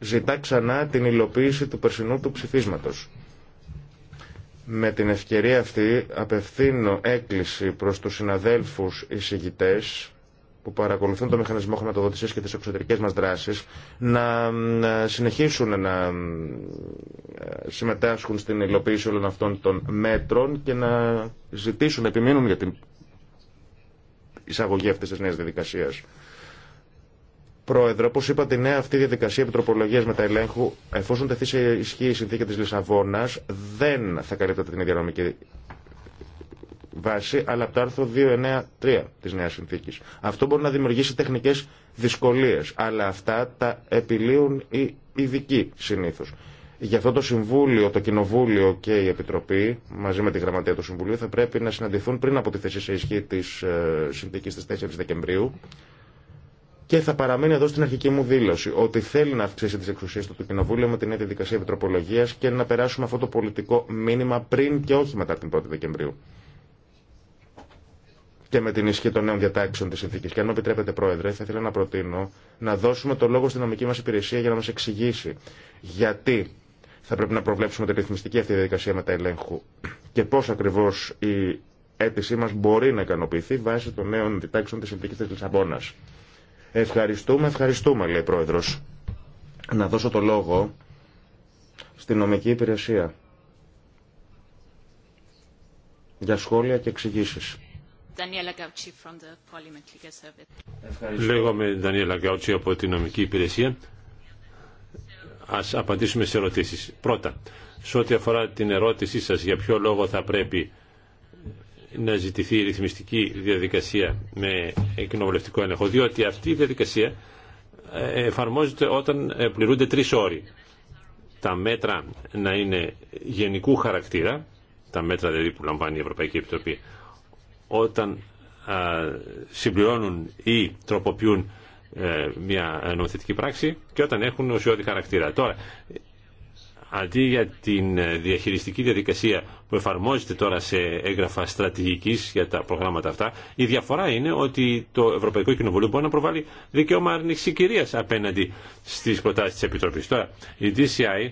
ζητά ξανά την υλοποίηση του περσινού του ψηφίσματος. Με την ευκαιρία αυτή απευθύνω έκκληση προς τους συναδέλφους εισηγητές που παρακολουθούν το μηχανισμό χρηματοδότησης και τις εξωτερικές μας δράσεις να ε, συνεχίσουν να ε, συμμετάσχουν στην υλοποίηση όλων αυτών των μέτρων και να ζητήσουν, να επιμείνουν για την εισαγωγή αυτής της νέας διαδικασίας. Πρόεδρο, όπως είπα, τη νέα αυτή διαδικασία επιτροπολογία μεταελέγχου, εφόσον τεθεί σε ισχύ η συνθήκη τη Λισαβόνα, δεν θα καλύπτεται την ίδια νομική βάση, αλλά από το άρθρο 293 της Νέας Συνθήκης. Αυτό μπορεί να δημιουργήσει τεχνικές δυσκολίες, αλλά αυτά τα επιλύουν οι ειδικοί συνήθως. Γι' αυτό το Συμβούλιο, το Κοινοβούλιο και η Επιτροπή, μαζί με τη Γραμματεία του Συμβουλίου, θα πρέπει να συναντηθούν πριν από τη θέση σε ισχύ τη ε, συνθήκη τη 4 Δεκεμβρίου και θα παραμείνει εδώ στην αρχική μου δήλωση ότι θέλει να αυξήσει τι εξουσίε του το Κοινοβούλιο με την νέα διαδικασία επιτροπολογία και να περάσουμε αυτό το πολιτικό μήνυμα πριν και όχι μετά την 1η Δεκεμβρίου και με την ισχύ των νέων διατάξεων τη συνθήκη. Και αν επιτρέπετε, Πρόεδρε, θα ήθελα να προτείνω να δώσουμε το λόγο στην νομική μα υπηρεσία για να μα εξηγήσει γιατί θα πρέπει να προβλέψουμε την ρυθμιστική αυτή διαδικασία ελέγχου και πώ ακριβώ η αίτησή μα μπορεί να ικανοποιηθεί βάσει των νέων διατάξεων τη συνθήκη τη Λισαμπόνα. Ευχαριστούμε, ευχαριστούμε, λέει πρόεδρο. Να δώσω το λόγο στην νομική υπηρεσία για σχόλια και εξηγήσει. Daniela Gauci from the Λέγομαι Ντανιέλα Γκάουτσι από την νομική υπηρεσία. Ας απαντήσουμε σε ερωτήσεις. Πρώτα, σε ό,τι αφορά την ερώτησή σας για ποιο λόγο θα πρέπει να ζητηθεί η ρυθμιστική διαδικασία με κοινοβουλευτικό έλεγχο, διότι αυτή η διαδικασία ε, εφαρμόζεται όταν ε, πληρούνται τρεις όροι. Τα μέτρα να είναι γενικού χαρακτήρα, τα μέτρα δηλαδή που λαμβάνει η Ευρωπαϊκή Επιτροπή, όταν συμπληρώνουν ή τροποποιούν ε, μια νομοθετική πράξη και όταν έχουν ουσιώδη χαρακτήρα. Τώρα, αντί για την ε, διαχειριστική διαδικασία που εφαρμόζεται τώρα σε έγγραφα στρατηγικής για τα προγράμματα αυτά, η διαφορά είναι ότι το Ευρωπαϊκό Κοινοβούλιο μπορεί να προβάλλει δικαίωμα κυρίας απέναντι στις προτάσεις της Επιτροπής. Τώρα, η DCI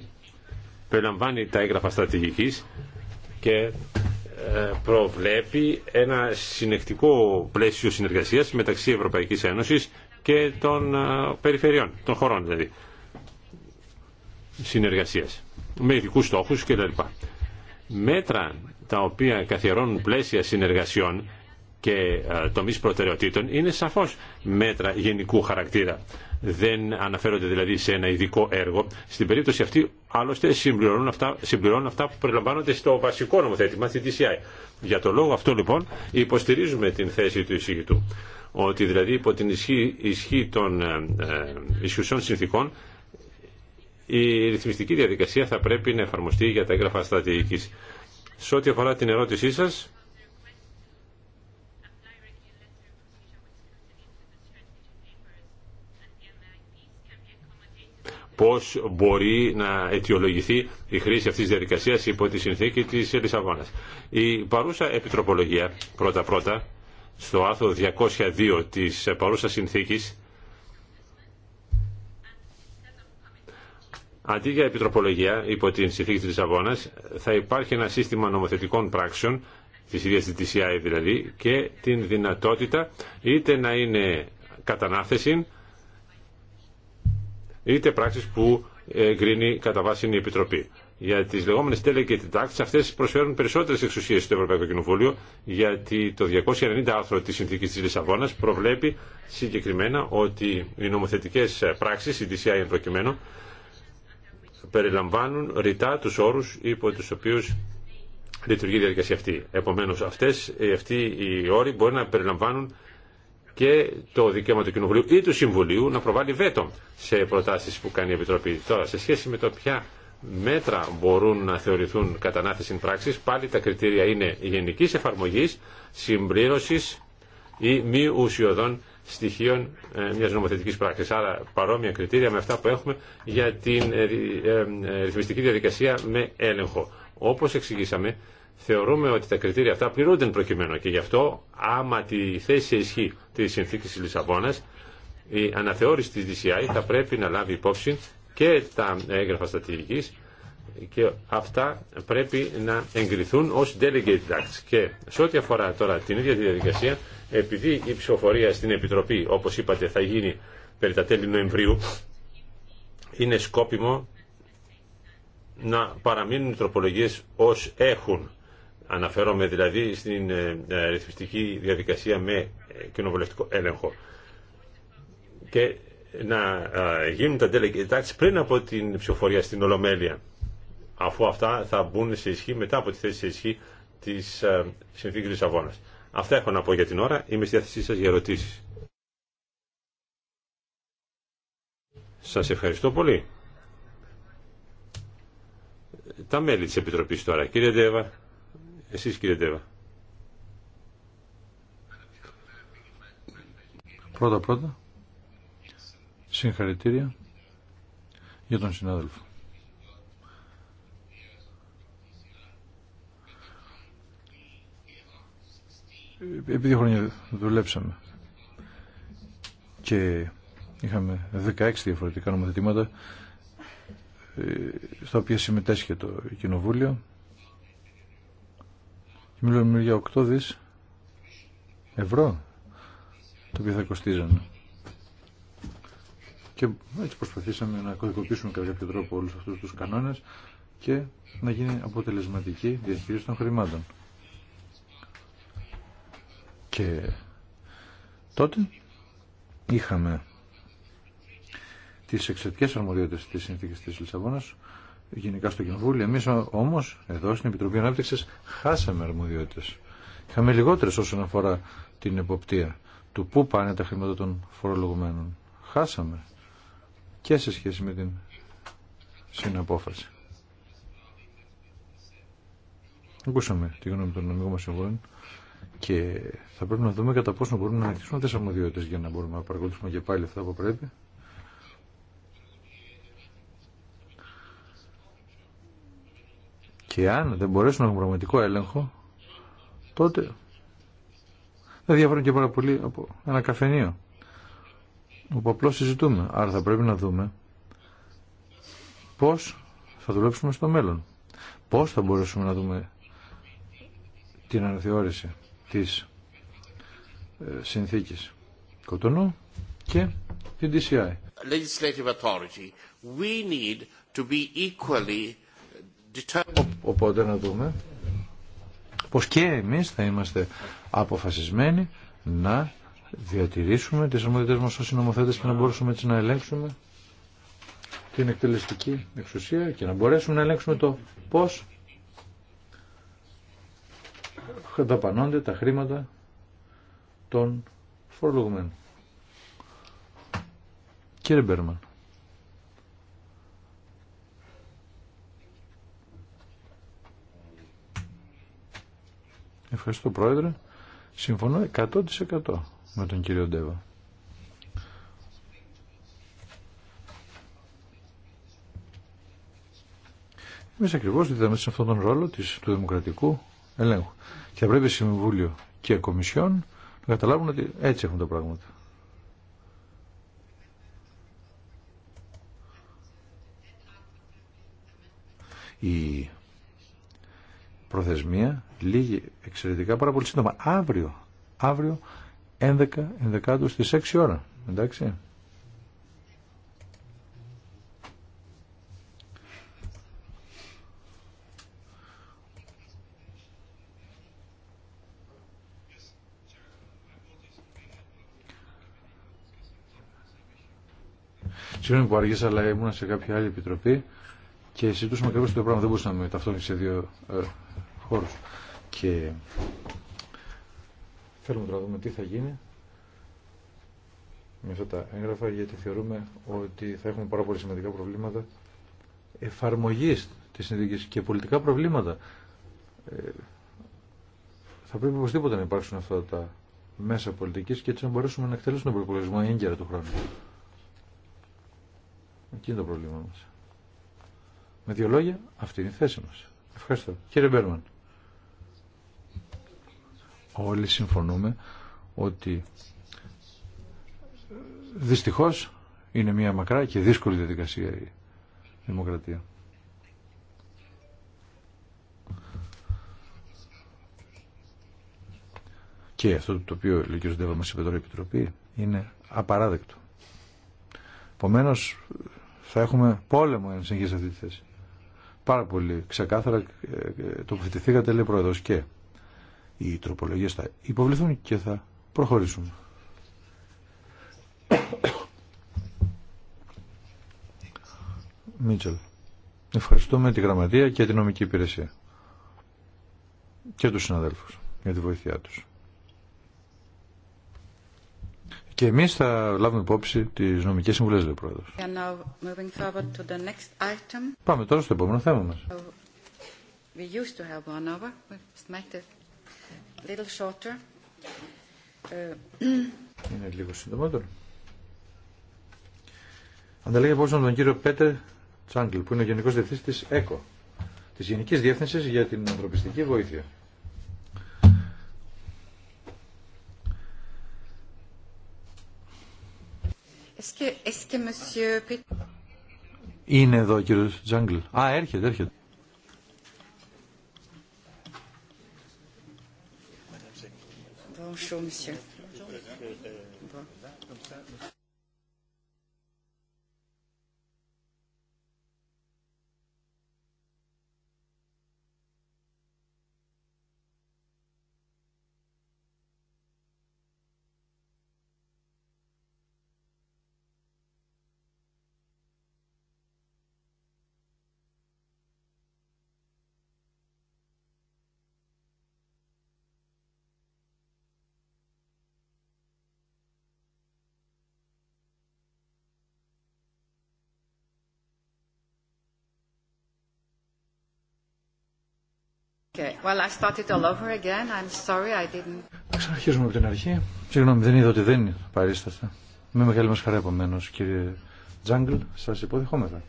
περιλαμβάνει τα έγγραφα στρατηγικής και ε, προβλέπει ένα συνεκτικό πλαίσιο συνεργασίας μεταξύ Ευρωπαϊκής Ένωσης και των ε, περιφερειών, των χωρών δηλαδή, συνεργασίας, με ειδικού στόχους κλπ. Μέτρα τα οποία καθιερώνουν πλαίσια συνεργασιών και ε, τομείς προτεραιοτήτων είναι σαφώς μέτρα γενικού χαρακτήρα. Δεν αναφέρονται δηλαδή σε ένα ειδικό έργο. Στην περίπτωση αυτή άλλωστε συμπληρώνουν αυτά, συμπληρώνουν αυτά που περιλαμβάνονται στο βασικό νομοθέτημα στη DCI. Για το λόγο αυτό λοιπόν υποστηρίζουμε την θέση του εισηγητού. Ότι δηλαδή υπό την ισχύ, ισχύ των ε, ε ισχυσών συνθήκων η ρυθμιστική διαδικασία θα πρέπει να εφαρμοστεί για τα έγγραφα στρατηγική. Σε ό,τι αφορά την ερώτησή σας, πώς μπορεί να αιτιολογηθεί η χρήση αυτής της διαδικασίας υπό τη συνθήκη της Λισαβόνας. Η παρούσα επιτροπολογία, πρώτα-πρώτα, στο άρθρο 202 της παρούσας συνθήκης, Αντί για επιτροπολογία υπό την συνθήκη της Λισαβόνας, θα υπάρχει ένα σύστημα νομοθετικών πράξεων, της ίδιας της DCI δηλαδή, και την δυνατότητα είτε να είναι κατανάθεση, είτε πράξει που εγκρίνει κατά βάση η Επιτροπή. Για τι λεγόμενε την τάξη, αυτέ προσφέρουν περισσότερε εξουσίε στο Ευρωπαϊκό Κοινοβούλιο, γιατί το 290 άρθρο τη συνθήκη τη Λισαβόνα προβλέπει συγκεκριμένα ότι οι νομοθετικέ πράξει, η DCI εν προκειμένου, περιλαμβάνουν ρητά του όρου υπό του οποίου λειτουργεί η διαδικασία αυτή. Επομένω, αυτοί οι όροι μπορεί να περιλαμβάνουν και το δικαίωμα του Κοινοβουλίου ή του Συμβουλίου να προβάλλει βέτο σε προτάσεις που κάνει η Επιτροπή. Τώρα, σε σχέση με το ποια μέτρα μπορούν να θεωρηθούν κατανάθεση πράξη. πάλι τα κριτήρια είναι γενικής εφαρμογής, συμπλήρωσης ή μη ουσιοδών στοιχείων ε, μιας νομοθετικής πράξης. Άρα παρόμοια κριτήρια με αυτά που έχουμε για την ε, ε, ρυθμιστική διαδικασία με έλεγχο. Όπως εξηγήσαμε, θεωρούμε ότι τα κριτήρια αυτά πληρούνται προκειμένου και γι' αυτό άμα τη θέση ισχύει τη συνθήκη τη Λισαβόνας η αναθεώρηση τη DCI θα πρέπει να λάβει υπόψη και τα έγγραφα στρατηγική και αυτά πρέπει να εγκριθούν ως delegated acts και σε ό,τι αφορά τώρα την ίδια τη διαδικασία επειδή η ψηφοφορία στην Επιτροπή όπως είπατε θα γίνει περί τα τέλη Νοεμβρίου είναι σκόπιμο να παραμείνουν οι τροπολογίες ως έχουν Αναφέρομαι δηλαδή στην ε, ε, ρυθμιστική διαδικασία με ε, κοινοβουλευτικό έλεγχο. Και να γίνουν τα delegate acts πριν από την ψηφοφορία στην Ολομέλεια, αφού αυτά θα μπουν σε ισχύ μετά από τη θέση σε ισχύ τη Συνθήκης Λισαβόνας. Αυτά έχω να πω για την ώρα. Είμαι στη διάθεσή σα για ερωτήσει. Σα ευχαριστώ πολύ. Τα μέλη της Επιτροπή τώρα. Κύριε Ντέβα. Εσείς κύριε Τέβα. Πρώτα πρώτα, συγχαρητήρια για τον συνάδελφο. Επειδή χρόνια δουλέψαμε και είχαμε 16 διαφορετικά νομοθετήματα ε, στα οποία συμμετέσχε το Κοινοβούλιο και μιλούμε για 8 δις ευρώ το οποίο θα κοστίζανε. Και έτσι προσπαθήσαμε να κωδικοποιήσουμε κατά κάποιο τρόπο όλους αυτούς τους κανόνες και να γίνει αποτελεσματική διαχείριση των χρημάτων. Και τότε είχαμε τις εξαιρετικέ αρμοδιότητες της συνθήκης της Λισαβόνας γενικά στο Κοινοβούλιο. Εμεί όμω εδώ στην Επιτροπή Ανάπτυξη χάσαμε αρμοδιότητε. Είχαμε λιγότερε όσον αφορά την εποπτεία του πού πάνε τα χρήματα των φορολογουμένων. Χάσαμε και σε σχέση με την συναπόφαση. Ακούσαμε τη γνώμη των νομικών μα συμβούλων και θα πρέπει να δούμε κατά πόσο μπορούμε να ανακτήσουμε τι αρμοδιότητε για να μπορούμε να παρακολουθούμε και πάλι αυτά που πρέπει. Και αν δεν μπορέσουν να έχουν πραγματικό έλεγχο, τότε δεν διαφέρουν και πάρα πολύ από ένα καφενείο όπου απλώ συζητούμε. Άρα θα πρέπει να δούμε πώς θα δουλέψουμε στο μέλλον. Πώς θα μπορέσουμε να δούμε την αναθεώρηση της ε, συνθήκης Κοτονού και την DCI. Legislative authority. We need to be equally Οπότε να δούμε πως και εμείς θα είμαστε αποφασισμένοι να διατηρήσουμε τις αρμοδιότητες μας ως συνομοθέτες και να μπορούσαμε έτσι να ελέγξουμε την εκτελεστική εξουσία και να μπορέσουμε να ελέγξουμε το πώς δαπανώνται τα χρήματα των φορολογουμένων. Κύριε Μπέρμαν. Ευχαριστώ Πρόεδρε. Συμφωνώ 100% με τον κύριο Ντέβα. Εμεί ακριβώ δίδαμε σε αυτόν τον ρόλο της, του δημοκρατικού ελέγχου. Και θα πρέπει Συμβούλιο και Κομισιόν να καταλάβουν ότι έτσι έχουν τα πράγματα. Η προθεσμία λίγη εξαιρετικά πάρα πολύ σύντομα. Αύριο, αύριο 11, 11 στις 6 ώρα. Εντάξει. Συγγνώμη που αργήσα, αλλά ήμουν σε κάποια άλλη επιτροπή και συζητούσαμε ακριβώ το πράγμα. Δεν μπορούσαμε ταυτόχρονα σε δύο ε, και θέλουμε να δούμε τι θα γίνει με αυτά τα έγγραφα γιατί θεωρούμε ότι θα έχουμε πάρα πολύ σημαντικά προβλήματα εφαρμογή τη συνδίκη και πολιτικά προβλήματα. Ε, θα πρέπει οπωσδήποτε να υπάρξουν αυτά τα μέσα πολιτική και έτσι να μπορέσουμε να εκτελέσουμε τον προπολογισμό έγκαιρα του χρόνου. Εκεί είναι το πρόβλημά μας. Με δύο λόγια, αυτή είναι η θέση μας. Ευχαριστώ. Κύριε Μπέρμαν όλοι συμφωνούμε ότι δυστυχώς είναι μια μακρά και δύσκολη διαδικασία η δημοκρατία. Και αυτό το οποίο ο κ. Ντέβα μας είπε τώρα η Επιτροπή είναι απαράδεκτο. Επομένω, θα έχουμε πόλεμο εν συνεχίσει αυτή τη θέση. Πάρα πολύ ξεκάθαρα ε, ε, τοποθετηθήκατε λέει πρόεδρος και οι τροπολογίε θα υποβληθούν και θα προχωρήσουν. Μίτσελ. Ευχαριστούμε τη Γραμματεία και την Νομική Υπηρεσία και τους συναδέλφους για τη βοήθειά τους. Και εμείς θα λάβουμε υπόψη τις νομικές συμβουλές, λέει ο Πρόεδρος. Πάμε τώρα στο επόμενο θέμα μας little shorter. Ε, είναι λίγο συντομότερο. Ανταλλαγή απόψε τον κύριο Πέτερ Τσάγκλ, που είναι ο Γενικό Διευθυντή τη ΕΚΟ, τη Γενική Διεύθυνση για την Ανθρωπιστική Βοήθεια. Είναι εδώ ο κύριο Τζάγκλ. Α, έρχεται, έρχεται. chaud, monsieur. Okay. Well, Ξαναρχίζουμε από την αρχή. Συγγνώμη, δεν είδα ότι δεν παρίστασα. Με μεγάλη μας χαρά επομένω, κύριε Τζάγκλ, σας υποδεχόμεθα.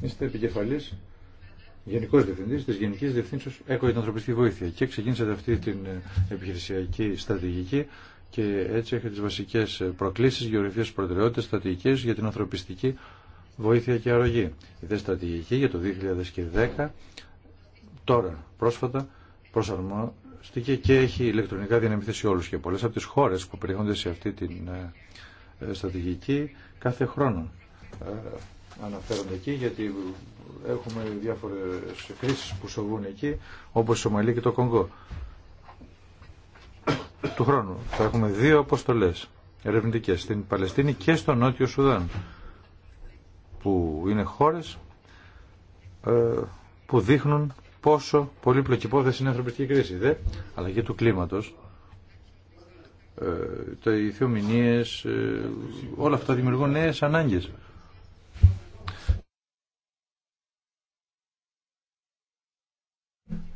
Είστε επικεφαλής Γενικό Διευθυντή τη Γενική Διευθύνσεω ΕΚΟ για την Ανθρωπιστική Βοήθεια. Και ξεκίνησατε αυτή την ε, επιχειρησιακή στρατηγική και έτσι έχει τις βασικές προκλήσεις, γεωγραφίες προτεραιότητες, στρατηγικές για την ανθρωπιστική βοήθεια και αρρωγή. Η δε στρατηγική για το 2010 τώρα πρόσφατα προσαρμόστηκε και έχει ηλεκτρονικά διανεμηθεί σε όλους και πολλές από τις χώρες που περιέχονται σε αυτή την ε, ε, στρατηγική κάθε χρόνο ε, αναφέρονται εκεί γιατί έχουμε διάφορες κρίσεις που σοβούν εκεί όπως η Σομαλία και το Κονγκό του χρόνου θα έχουμε δύο αποστολές ερευνητικές στην Παλαιστίνη και στο Νότιο Σουδάν που είναι χώρες ε, που δείχνουν πόσο πολύπλοκη υπόθεση είναι η ανθρωπιστική κρίση. Δε, και του κλίματος, ε, οι ε, όλα αυτά δημιουργούν νέες ανάγκες.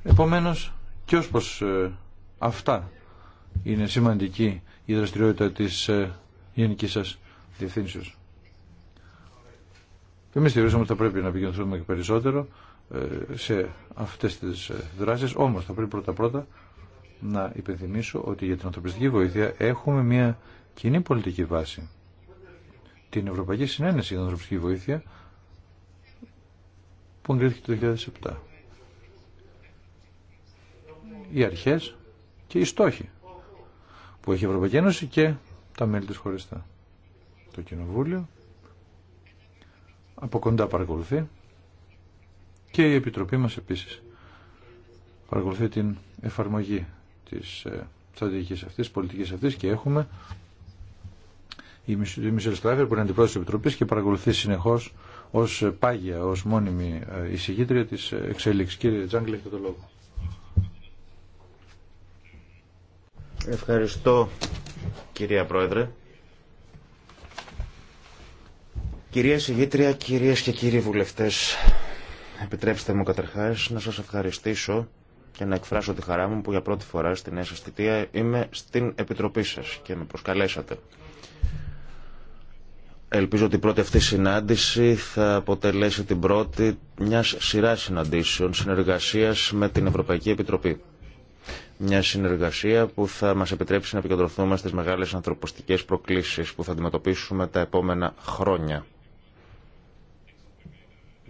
Επομένως, και ως ε, αυτά είναι σημαντική η δραστηριότητα της ε, γενικής σας διευθύνσεως. Εμείς θεωρήσαμε ότι θα πρέπει να επικεντρωθούμε και περισσότερο ε, σε αυτές τις ε, δράσεις, όμως θα πρέπει πρώτα-πρώτα να υπενθυμίσω ότι για την ανθρωπιστική βοήθεια έχουμε μια κοινή πολιτική βάση. Την Ευρωπαϊκή Συνένεση για την Ανθρωπιστική Βοήθεια που εγκρίθηκε το 2007. Οι αρχές και οι στόχοι που έχει η Ευρωπαϊκή Ένωση και τα μέλη της χωριστά. Το Κοινοβούλιο από κοντά παρακολουθεί και η Επιτροπή μας επίσης παρακολουθεί την εφαρμογή της ε, στρατηγικής αυτής, της πολιτικής αυτής και έχουμε η Μισελ Στράφερ που είναι αντιπρόεδρος της Επιτροπής και παρακολουθεί συνεχώς ως πάγια, ως μόνιμη ε, εισηγήτρια της ε, εξέλιξης. Κύριε Τζάγκλη, έχετε το λόγο. Ευχαριστώ κυρία Πρόεδρε. Κυρία Συγήτρια, κυρίες και κύριοι βουλευτές, επιτρέψτε μου καταρχάς να σας ευχαριστήσω και να εκφράσω τη χαρά μου που για πρώτη φορά στην νέα είμαι στην Επιτροπή σας και με προσκαλέσατε. Ελπίζω ότι η πρώτη αυτή συνάντηση θα αποτελέσει την πρώτη μιας σειράς συναντήσεων συνεργασίας με την Ευρωπαϊκή Επιτροπή. Μια συνεργασία που θα μας επιτρέψει να επικεντρωθούμε στις μεγάλες ανθρωποστικές προκλήσεις που θα αντιμετωπίσουμε τα επόμενα χρόνια.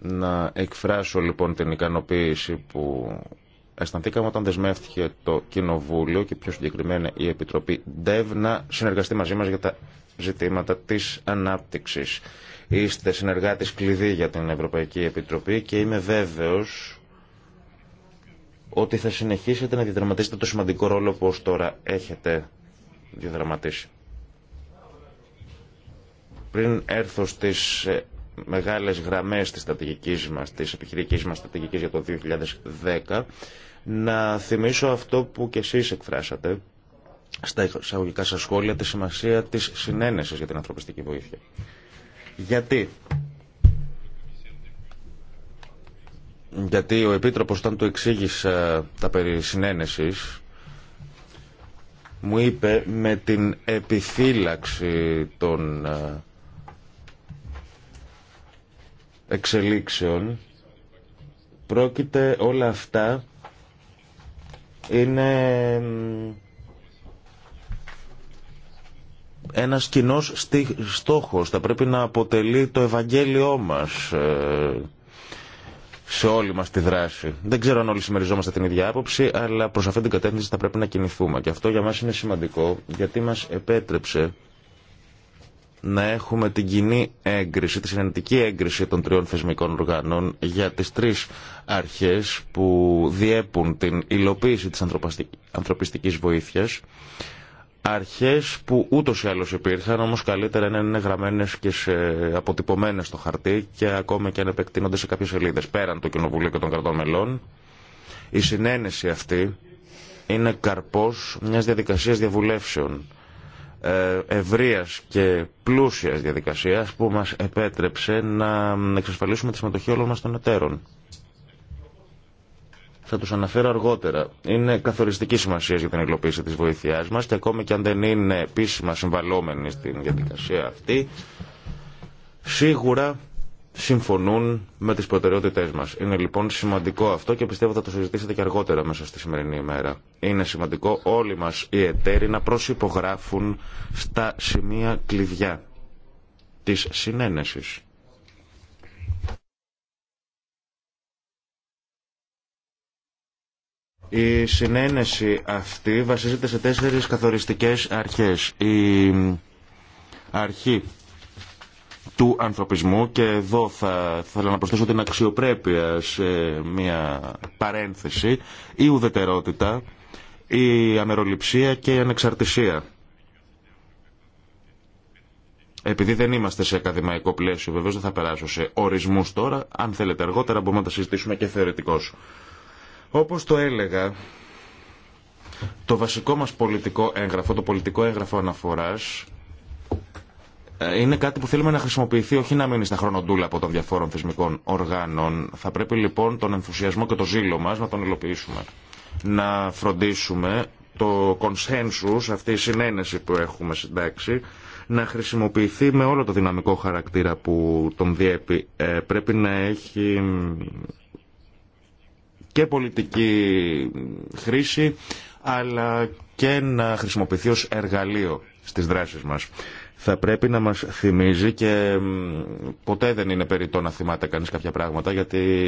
Να εκφράσω λοιπόν την ικανοποίηση που αισθανθήκαμε όταν δεσμεύτηκε το Κοινοβούλιο και πιο συγκεκριμένα η Επιτροπή ΔΕΒ να συνεργαστεί μαζί μας για τα ζητήματα της ανάπτυξης. Είστε συνεργάτης κλειδί για την Ευρωπαϊκή Επιτροπή και είμαι βέβαιος ότι θα συνεχίσετε να διαδραματίσετε το σημαντικό ρόλο που ως τώρα έχετε διαδραματίσει. Πριν έρθω στις ε, μεγάλες γραμμές της στρατηγικής μας, της επιχειρικής μας στρατηγικής για το 2010, να θυμίσω αυτό που κι εσείς εκφράσατε στα εισαγωγικά σας σχόλια, τη σημασία της συνένεσης για την ανθρωπιστική βοήθεια. Γιατί γιατί ο Επίτροπος όταν του εξήγησα τα περί συνένεσης, μου είπε με την επιφύλαξη των ε, εξελίξεων πρόκειται όλα αυτά είναι ένας κοινός στόχος θα πρέπει να αποτελεί το Ευαγγέλιό μας ε, σε όλη μας τη δράση. Δεν ξέρω αν όλοι συμμεριζόμαστε την ίδια άποψη, αλλά προ αυτή την κατεύθυνση θα πρέπει να κινηθούμε. Και αυτό για μα είναι σημαντικό, γιατί μας επέτρεψε να έχουμε την κοινή έγκριση, τη συνενετική έγκριση των τριών θεσμικών οργάνων για τις τρεις αρχές που διέπουν την υλοποίηση της ανθρωπιστική βοήθεια αρχές που ούτως ή άλλως υπήρχαν, όμως καλύτερα να είναι γραμμένες και σε αποτυπωμένες στο χαρτί και ακόμα και αν επεκτείνονται σε κάποιες σελίδες πέραν του Κοινοβουλίου και των κρατών μελών. Η συνένεση αυτή είναι καρπός μιας διαδικασίας διαβουλεύσεων ε, ευρείας και πλούσιας διαδικασίας που μας επέτρεψε να εξασφαλίσουμε τη συμμετοχή όλων μας των εταίρων. Θα τους αναφέρω αργότερα. Είναι καθοριστική σημασία για την υλοποίηση της βοήθειάς μας και ακόμη και αν δεν είναι επίσημα συμβαλόμενοι στην διαδικασία αυτή, σίγουρα συμφωνούν με τις προτεραιότητές μας. Είναι λοιπόν σημαντικό αυτό και πιστεύω θα το συζητήσετε και αργότερα μέσα στη σημερινή ημέρα. Είναι σημαντικό όλοι μας οι εταίροι να προσυπογράφουν στα σημεία κλειδιά της συνένεσης. Η συνένεση αυτή βασίζεται σε τέσσερις καθοριστικές αρχές. Η αρχή του ανθρωπισμού και εδώ θα θέλω να προσθέσω την αξιοπρέπεια σε μια παρένθεση, η ουδετερότητα, η αμεροληψία και η ανεξαρτησία. Επειδή δεν είμαστε σε ακαδημαϊκό πλαίσιο, βεβαίως δεν θα περάσω σε ορισμούς τώρα, αν θέλετε αργότερα μπορούμε να τα συζητήσουμε και θεωρητικώς. Όπως το έλεγα, το βασικό μας πολιτικό έγγραφο, το πολιτικό έγγραφο αναφοράς, ε, είναι κάτι που θέλουμε να χρησιμοποιηθεί, όχι να μείνει στα χρονοτούλα από των διαφόρων θεσμικών οργάνων. Θα πρέπει λοιπόν τον ενθουσιασμό και το ζήλο μας να τον υλοποιήσουμε. Να φροντίσουμε το consensus, αυτή η συνένεση που έχουμε συντάξει, να χρησιμοποιηθεί με όλο το δυναμικό χαρακτήρα που τον διέπει. Ε, πρέπει να έχει και πολιτική χρήση, αλλά και να χρησιμοποιηθεί ως εργαλείο στις δράσεις μας. Θα πρέπει να μας θυμίζει και ποτέ δεν είναι περιττό να θυμάται κανείς κάποια πράγματα γιατί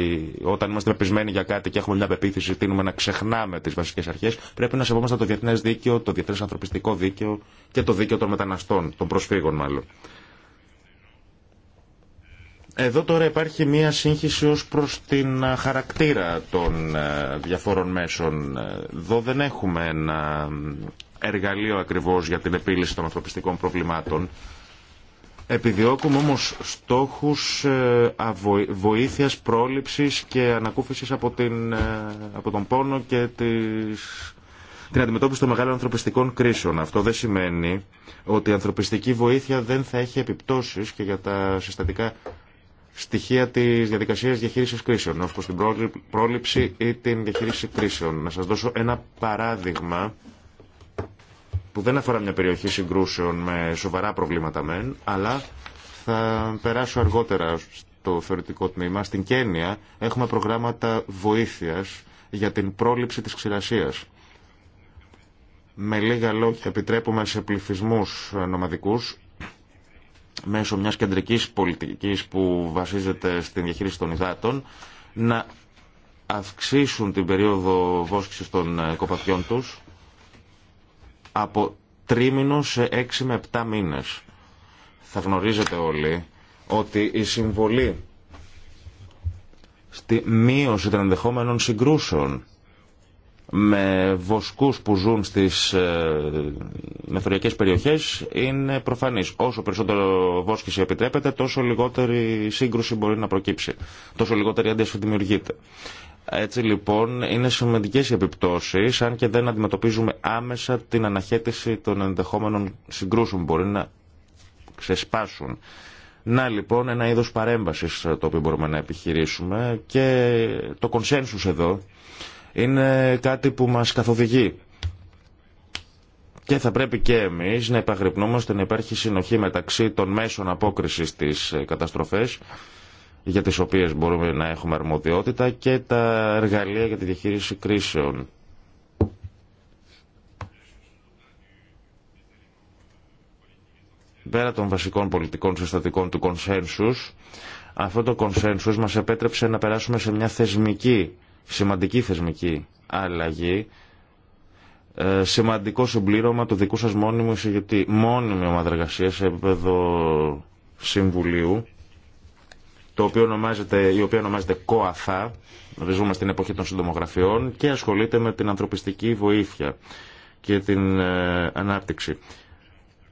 όταν είμαστε πεπισμένοι για κάτι και έχουμε μια πεποίθηση τίνουμε να ξεχνάμε τις βασικές αρχές πρέπει να σεβόμαστε το διεθνές δίκαιο, το διεθνές ανθρωπιστικό δίκαιο και το δίκαιο των μεταναστών, των προσφύγων μάλλον. Εδώ τώρα υπάρχει μία σύγχυση ως προς την χαρακτήρα των διαφόρων μέσων. Εδώ δεν έχουμε ένα εργαλείο ακριβώς για την επίλυση των ανθρωπιστικών προβλημάτων. Επιδιώκουμε όμως στόχους ε, βοήθειας, πρόληψης και ανακούφισης από, την, ε, από τον πόνο και τις την αντιμετώπιση των μεγάλων ανθρωπιστικών κρίσεων. Αυτό δεν σημαίνει ότι η ανθρωπιστική βοήθεια δεν θα έχει επιπτώσεις και για τα συστατικά στοιχεία τη διαδικασία διαχείριση κρίσεων, ω προ την πρόληψη ή την διαχείριση κρίσεων. Να σα δώσω ένα παράδειγμα που δεν αφορά μια περιοχή συγκρούσεων με σοβαρά προβλήματα μεν, αλλά θα περάσω αργότερα στο θεωρητικό τμήμα. Στην Κένια έχουμε προγράμματα βοήθειας για την πρόληψη της ξηρασία. Με λίγα λόγια επιτρέπουμε σε πληθυσμού νομαδικού μέσω μιας κεντρικής πολιτικής που βασίζεται στην διαχείριση των υδάτων να αυξήσουν την περίοδο βόσκησης των ε, κοπαθιών τους από τρίμηνο σε έξι με επτά μήνες. Θα γνωρίζετε όλοι ότι η συμβολή στη μείωση των ενδεχόμενων συγκρούσεων με βοσκούς που ζουν στις ε, μεθοριακές περιοχές είναι προφανής. Όσο περισσότερο βόσκηση επιτρέπεται, τόσο λιγότερη σύγκρουση μπορεί να προκύψει. Τόσο λιγότερη ένταση δημιουργείται. Έτσι λοιπόν είναι σημαντικές οι επιπτώσεις, αν και δεν αντιμετωπίζουμε άμεσα την αναχέτηση των ενδεχόμενων συγκρούσεων που μπορεί να ξεσπάσουν. Να λοιπόν ένα είδος παρέμβασης το οποίο μπορούμε να επιχειρήσουμε και το consensus εδώ είναι κάτι που μας καθοδηγεί. Και θα πρέπει και εμείς να ώστε να υπάρχει συνοχή μεταξύ των μέσων απόκρισης της καταστροφές για τις οποίες μπορούμε να έχουμε αρμοδιότητα και τα εργαλεία για τη διαχείριση κρίσεων. Πέρα των βασικών πολιτικών συστατικών του κονσένσους, αυτό το κονσένσους μας επέτρεψε να περάσουμε σε μια θεσμική σημαντική θεσμική αλλαγή, ε, σημαντικό συμπλήρωμα του δικού σας μόνιμου εισηγητή, μόνιμη ομάδα εργασία σε επίπεδο συμβουλίου, το οποίο ονομάζεται, η οποία ονομάζεται ΚΟΑΘΑ, βρισκόμαστε στην εποχή των συντομογραφιών και ασχολείται με την ανθρωπιστική βοήθεια και την ε, ανάπτυξη.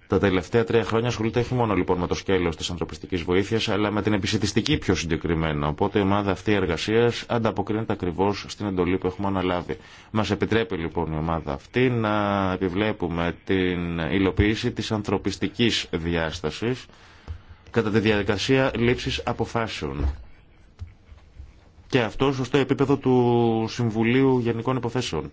Τα τελευταία τρία χρόνια ασχολείται όχι μόνο λοιπόν με το σκέλο τη ανθρωπιστική βοήθεια, αλλά με την επισητιστική πιο συγκεκριμένα. Οπότε η ομάδα αυτή εργασία ανταποκρίνεται ακριβώ στην εντολή που έχουμε αναλάβει. Μα επιτρέπει λοιπόν η ομάδα αυτή να επιβλέπουμε την υλοποίηση τη ανθρωπιστική διάσταση κατά τη διαδικασία λήψη αποφάσεων. Και αυτό στο επίπεδο του Συμβουλίου Γενικών Υποθέσεων.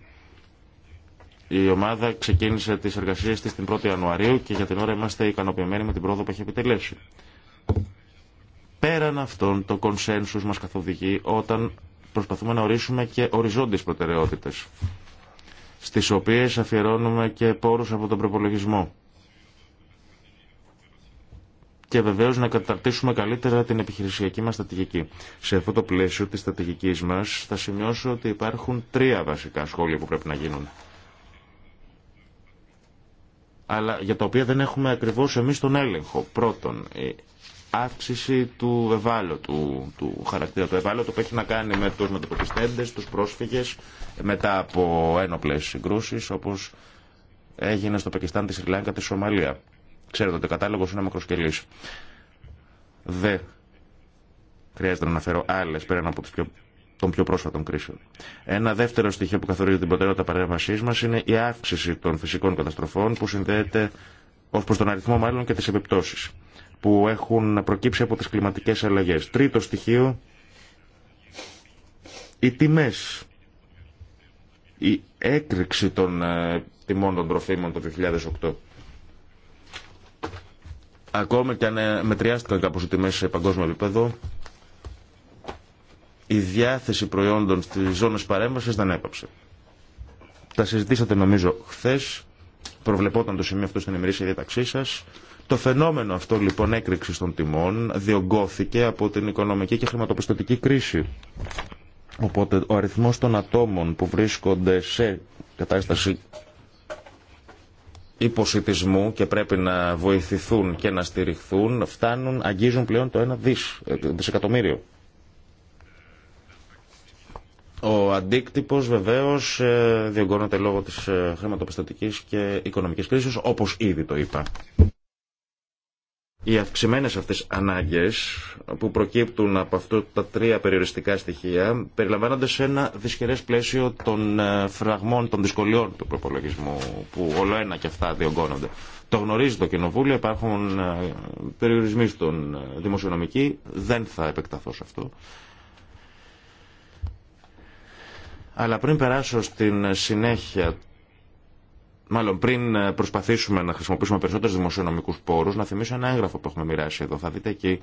Η ομάδα ξεκίνησε τις εργασίες τη την 1η Ιανουαρίου και για την ώρα είμαστε ικανοποιημένοι με την πρόοδο που έχει επιτελέσει. Πέραν αυτών, το κονσένσου μα καθοδηγεί όταν προσπαθούμε να ορίσουμε και οριζόντιε προτεραιότητε, στι οποίε αφιερώνουμε και πόρου από τον προπολογισμό. Και βεβαίω να καταρτήσουμε καλύτερα την επιχειρησιακή μα στρατηγική. Σε αυτό το πλαίσιο τη στρατηγική μα θα σημειώσω ότι υπάρχουν τρία βασικά σχόλια που πρέπει να γίνουν αλλά για τα οποία δεν έχουμε ακριβώς εμείς τον έλεγχο. Πρώτον, η αύξηση του ευάλωτου, του χαρακτήρα του ευάλωτου που έχει να κάνει με τους μεταποτιστέντες, τους πρόσφυγες, μετά από ένοπλες συγκρούσεις όπως έγινε στο Πακιστάν, τη Σριλάνκα, τη Σομαλία. Ξέρετε ότι ο κατάλογος είναι μακροσκελής. Δε χρειάζεται να αναφέρω άλλες πέραν από τις πιο των πιο πρόσφατων κρίσεων. Ένα δεύτερο στοιχείο που καθορίζει την προτεραιότητα παρέμβασή μα είναι η αύξηση των φυσικών καταστροφών που συνδέεται ω προ τον αριθμό μάλλον και τι επιπτώσει που έχουν προκύψει από τι κλιματικέ αλλαγέ. Τρίτο στοιχείο, οι τιμέ. Η έκρηξη των ε, τιμών των τροφίμων το 2008. Ακόμα και αν ε, μετριάστηκαν κάπως οι τιμές σε παγκόσμιο επίπεδο, η διάθεση προϊόντων στις ζώνες παρέμβασης δεν έπαψε. Τα συζητήσατε νομίζω χθες, προβλεπόταν το σημείο αυτό στην ημερήσια διαταξή σας. Το φαινόμενο αυτό λοιπόν έκρηξη των τιμών διωγγώθηκε από την οικονομική και χρηματοπιστωτική κρίση. Οπότε ο αριθμός των ατόμων που βρίσκονται σε κατάσταση υποσυτισμού και πρέπει να βοηθηθούν και να στηριχθούν φτάνουν, αγγίζουν πλέον το 1 δις, ε, δισεκατομμύριο. Ο αντίκτυπο βεβαίω ε, διωγγώνεται λόγω της ε, χρηματοπιστωτικής και οικονομική κρίση, όπω ήδη το είπα. Οι αυξημένε αυτέ ανάγκε που προκύπτουν από αυτά τα τρία περιοριστικά στοιχεία περιλαμβάνονται σε ένα δυσχερέ πλαίσιο των ε, φραγμών, των δυσκολιών του προπολογισμού που όλο ένα και αυτά διωγγώνονται. Το γνωρίζει το Κοινοβούλιο, υπάρχουν περιορισμοί στον δημοσιονομική, δεν θα επεκταθώ σε αυτό. Αλλά πριν περάσω στην συνέχεια, μάλλον πριν προσπαθήσουμε να χρησιμοποιήσουμε περισσότερους δημοσιονομικούς πόρους, να θυμίσω ένα έγγραφο που έχουμε μοιράσει εδώ. Θα δείτε εκεί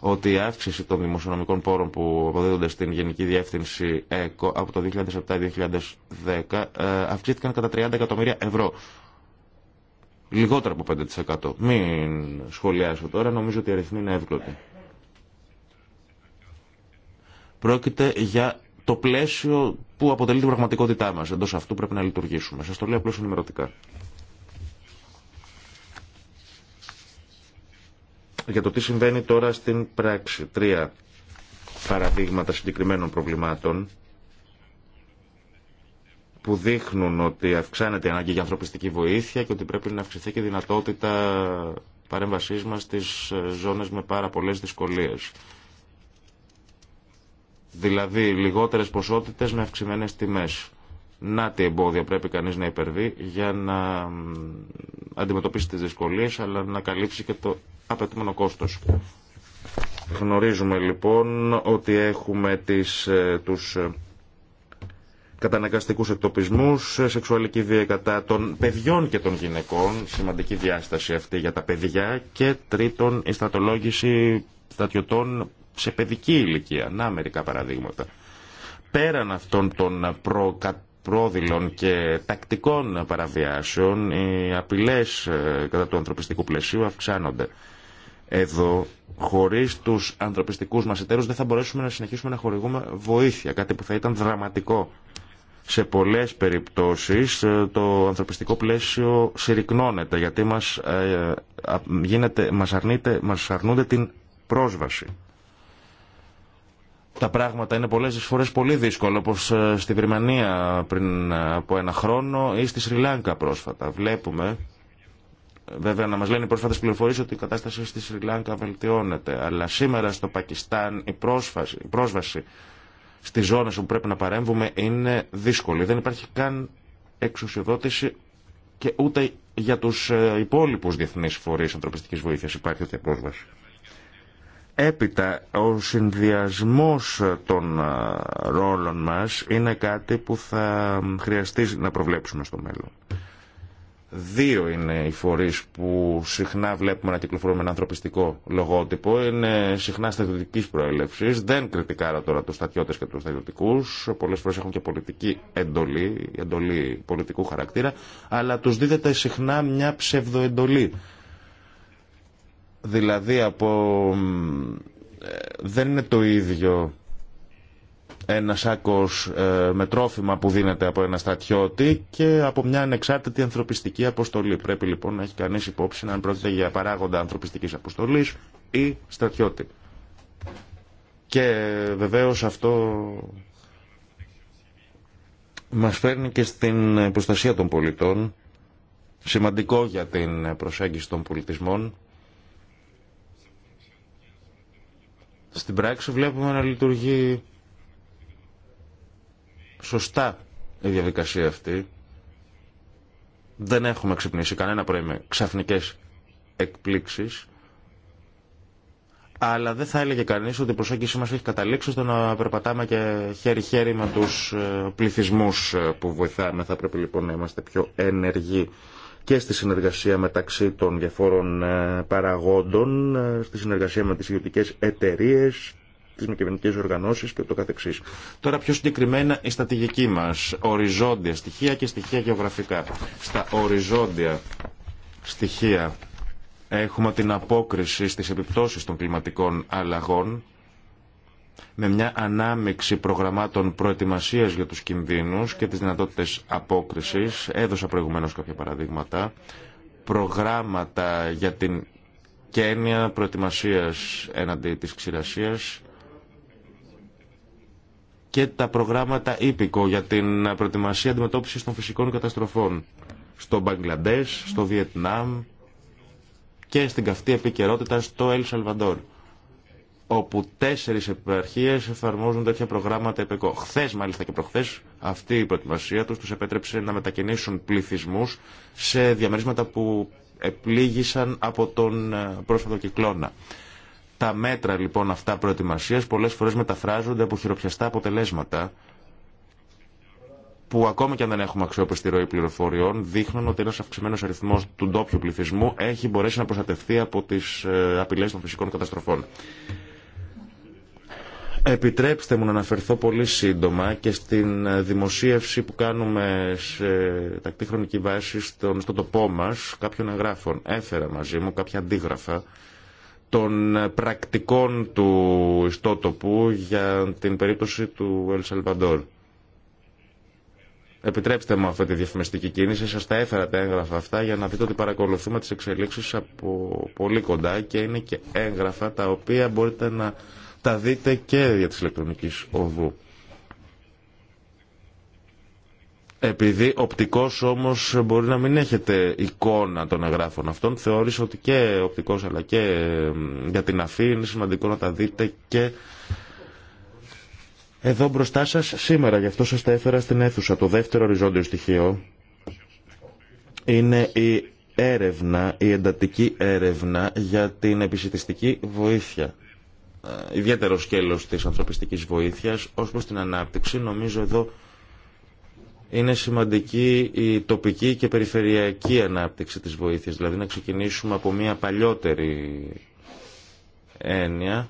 ότι η αύξηση των δημοσιονομικών πόρων που αποδίδονται στην Γενική Διεύθυνση ΕΚΟ από το 2007-2010 ε, αυξήθηκαν κατά 30 εκατομμύρια ευρώ. Λιγότερο από 5%. Μην σχολιάσω τώρα, νομίζω ότι η αριθμή είναι εύκολη. Πρόκειται για το πλαίσιο που αποτελεί την πραγματικότητά μα. Εντό αυτού πρέπει να λειτουργήσουμε. Σα το λέω απλώ ενημερωτικά. Για το τι συμβαίνει τώρα στην πράξη. Τρία παραδείγματα συγκεκριμένων προβλημάτων που δείχνουν ότι αυξάνεται η ανάγκη για ανθρωπιστική βοήθεια και ότι πρέπει να αυξηθεί και η δυνατότητα παρέμβασής μας στις ε, ζώνες με πάρα πολλέ δυσκολίε. Δηλαδή λιγότερες ποσότητες με αυξημένες τιμές. Να τι εμπόδια πρέπει κανείς να υπερβεί για να αντιμετωπίσει τις δυσκολίες αλλά να καλύψει και το απαιτούμενο κόστος. Γνωρίζουμε λοιπόν ότι έχουμε τις, ε, τους ε, καταναγκαστικούς εκτοπισμούς, ε, σεξουαλική βία κατά των παιδιών και των γυναικών, σημαντική διάσταση αυτή για τα παιδιά και τρίτον η στρατολόγηση σε παιδική ηλικία. Να μερικά παραδείγματα. Πέραν αυτών των πρόδειλων και τακτικών παραβιάσεων, οι απειλές ε, κατά του ανθρωπιστικού πλαισίου αυξάνονται. Εδώ, χωρίς τους ανθρωπιστικούς μας εταίρους, δεν θα μπορέσουμε να συνεχίσουμε να χορηγούμε βοήθεια, κάτι που θα ήταν δραματικό. Σε πολλές περιπτώσεις ε, το ανθρωπιστικό πλαίσιο συρρυκνώνεται, γιατί μας, ε, γίνεται, μας αρνούνται την πρόσβαση τα πράγματα είναι πολλές φορές πολύ δύσκολα, όπως ε, στη Βρυμανία πριν ε, από ένα χρόνο ή στη Σρι Λάνκα πρόσφατα. Βλέπουμε, βέβαια να μας λένε οι πρόσφατες πληροφορίες ότι η κατάσταση στη Σρι Λάνκα βελτιώνεται, αλλά σήμερα στο Πακιστάν η, πρόσφαση, η πρόσβαση στις ζώνες όπου πρέπει να παρέμβουμε είναι δύσκολη. Δεν υπάρχει καν εξουσιοδότηση και ούτε για τους ε, υπόλοιπους διεθνείς φορείς ανθρωπιστικής βοήθειας υπάρχει τέτοια πρόσβαση. Έπειτα, ο συνδυασμός των ρόλων μας είναι κάτι που θα χρειαστεί να προβλέψουμε στο μέλλον. Δύο είναι οι φορείς που συχνά βλέπουμε να κυκλοφορούν με ένα ανθρωπιστικό λογότυπο. Είναι συχνά στρατιωτικής προέλευσης. Δεν κριτικάρα τώρα τους στατιώτες και τους στρατιωτικούς. Πολλές φορές έχουν και πολιτική εντολή, εντολή πολιτικού χαρακτήρα. Αλλά τους δίδεται συχνά μια ψευδοεντολή Δηλαδή από... Ε, δεν είναι το ίδιο ένα σάκος ε, με τρόφιμα που δίνεται από ένα στρατιώτη και από μια ανεξάρτητη ανθρωπιστική αποστολή. Πρέπει λοιπόν να έχει κανείς υπόψη να πρόκειται για παράγοντα ανθρωπιστικής αποστολής ή στρατιώτη. Και βεβαίως αυτό μας φέρνει και στην προστασία των πολιτών, σημαντικό για την προσέγγιση των πολιτισμών στην πράξη βλέπουμε να λειτουργεί σωστά η διαδικασία αυτή. Δεν έχουμε ξυπνήσει κανένα πρωί με ξαφνικές εκπλήξεις. Αλλά δεν θα έλεγε κανείς ότι η προσέγγιση μας έχει καταλήξει στο να περπατάμε και χέρι-χέρι με τους ε, πληθυσμούς ε, που βοηθάμε. Θα πρέπει λοιπόν να είμαστε πιο ενεργοί και στη συνεργασία μεταξύ των διαφόρων ε, παραγόντων, ε, στη συνεργασία με τις ιδιωτικέ εταιρείε, τις μη οργανώσεις και το καθεξής. Τώρα πιο συγκεκριμένα η στατηγική μας, οριζόντια στοιχεία και στοιχεία γεωγραφικά. Στα οριζόντια στοιχεία έχουμε την απόκριση στις επιπτώσεις των κλιματικών αλλαγών με μια ανάμειξη προγραμμάτων προετοιμασίας για τους κινδύνους και τις δυνατότητες απόκρισης. Έδωσα προηγουμένως κάποια παραδείγματα. Προγράμματα για την κένια προετοιμασίας έναντι της ξηρασίας και τα προγράμματα Ήπικο για την προετοιμασία αντιμετώπισης των φυσικών καταστροφών στο Μπαγκλαντές, στο Βιετνάμ και στην καυτή επικαιρότητα στο Ελ Σαλβαντόρ όπου τέσσερις επαρχίες εφαρμόζουν τέτοια προγράμματα επεκό. Χθες μάλιστα και προχθές αυτή η προετοιμασία τους τους επέτρεψε να μετακινήσουν πληθυσμούς σε διαμερίσματα που επλήγησαν από τον ε, πρόσφατο κυκλώνα. Τα μέτρα λοιπόν αυτά προετοιμασίας πολλές φορές μεταφράζονται από χειροπιαστά αποτελέσματα που ακόμα και αν δεν έχουμε αξιόπιστη ροή πληροφοριών, δείχνουν ότι ένα αυξημένο αριθμό του ντόπιου πληθυσμού έχει μπορέσει να προστατευτεί από τι ε, απειλέ των φυσικών καταστροφών. Επιτρέψτε μου να αναφερθώ πολύ σύντομα και στην ε, δημοσίευση που κάνουμε σε τακτή χρονική βάση στον, στο τοπό μας κάποιων εγγράφων. Έφερα μαζί μου κάποια αντίγραφα των ε, πρακτικών του ιστότοπου για την περίπτωση του Ελσαλβαντόρ. Επιτρέψτε μου αυτή τη διαφημιστική κίνηση. Σας τα έφερα τα έγγραφα αυτά για να δείτε ότι παρακολουθούμε τις εξελίξεις από πολύ κοντά και είναι και έγγραφα τα οποία μπορείτε να τα δείτε και για της ηλεκτρονικής οδού. Επειδή οπτικός όμως μπορεί να μην έχετε εικόνα των εγγράφων αυτών, θεώρησα ότι και οπτικός αλλά και για την αφή είναι σημαντικό να τα δείτε και εδώ μπροστά σας σήμερα. Γι' αυτό σας τα έφερα στην αίθουσα. Το δεύτερο οριζόντιο στοιχείο είναι η έρευνα, η εντατική έρευνα για την επισητιστική βοήθεια. Ε, ιδιαίτερο σκέλος της ανθρωπιστικής βοήθειας ως προς την ανάπτυξη. Νομίζω εδώ είναι σημαντική η τοπική και περιφερειακή ανάπτυξη της βοήθειας. Δηλαδή να ξεκινήσουμε από μια παλιότερη έννοια.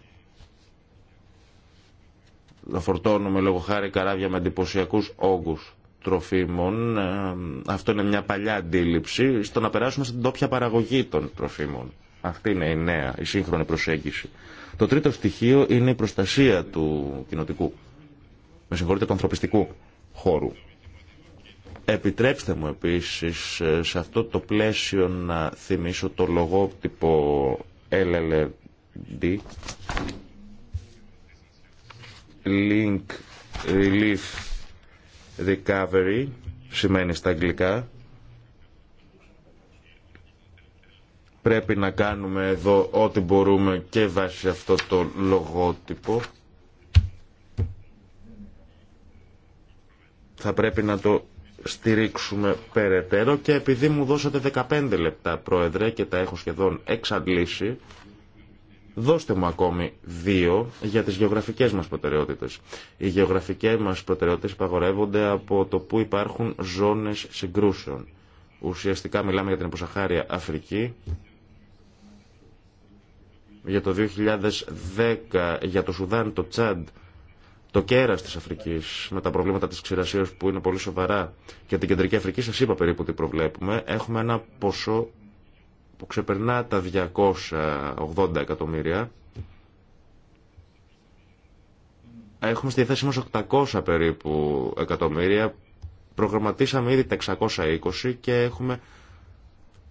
Να φορτώνουμε λόγω χάρη καράβια με εντυπωσιακού όγκους τροφίμων. Ε, αυτό είναι μια παλιά αντίληψη. Στο να περάσουμε στην τόπια παραγωγή των τροφίμων. Αυτή είναι η νέα, η σύγχρονη προσέγγιση. Το τρίτο στοιχείο είναι η προστασία του κοινοτικού, με συγχωρείτε, του ανθρωπιστικού χώρου. Επιτρέψτε μου επίσης ε, σε αυτό το πλαίσιο να θυμίσω το λογότυπο LLD Link Relief Recovery σημαίνει στα αγγλικά Πρέπει να κάνουμε εδώ ό,τι μπορούμε και βάσει αυτό το λογότυπο. Θα πρέπει να το στηρίξουμε περαιτέρω και επειδή μου δώσατε 15 λεπτά πρόεδρε και τα έχω σχεδόν εξαντλήσει δώστε μου ακόμη δύο για τις γεωγραφικές μας προτεραιότητες. Οι γεωγραφικές μας προτεραιότητες υπαγορεύονται από το που υπάρχουν ζώνες συγκρούσεων. Ουσιαστικά μιλάμε για την υποσαχάρια Αφρική για το 2010 για το Σουδάν, το Τσάντ, το κέρας της Αφρικής με τα προβλήματα της ξηρασίας που είναι πολύ σοβαρά και την Κεντρική Αφρική σας είπα περίπου τι προβλέπουμε έχουμε ένα ποσό που ξεπερνά τα 280 εκατομμύρια έχουμε στη θέση μας 800 περίπου εκατομμύρια προγραμματίσαμε ήδη τα 620 και έχουμε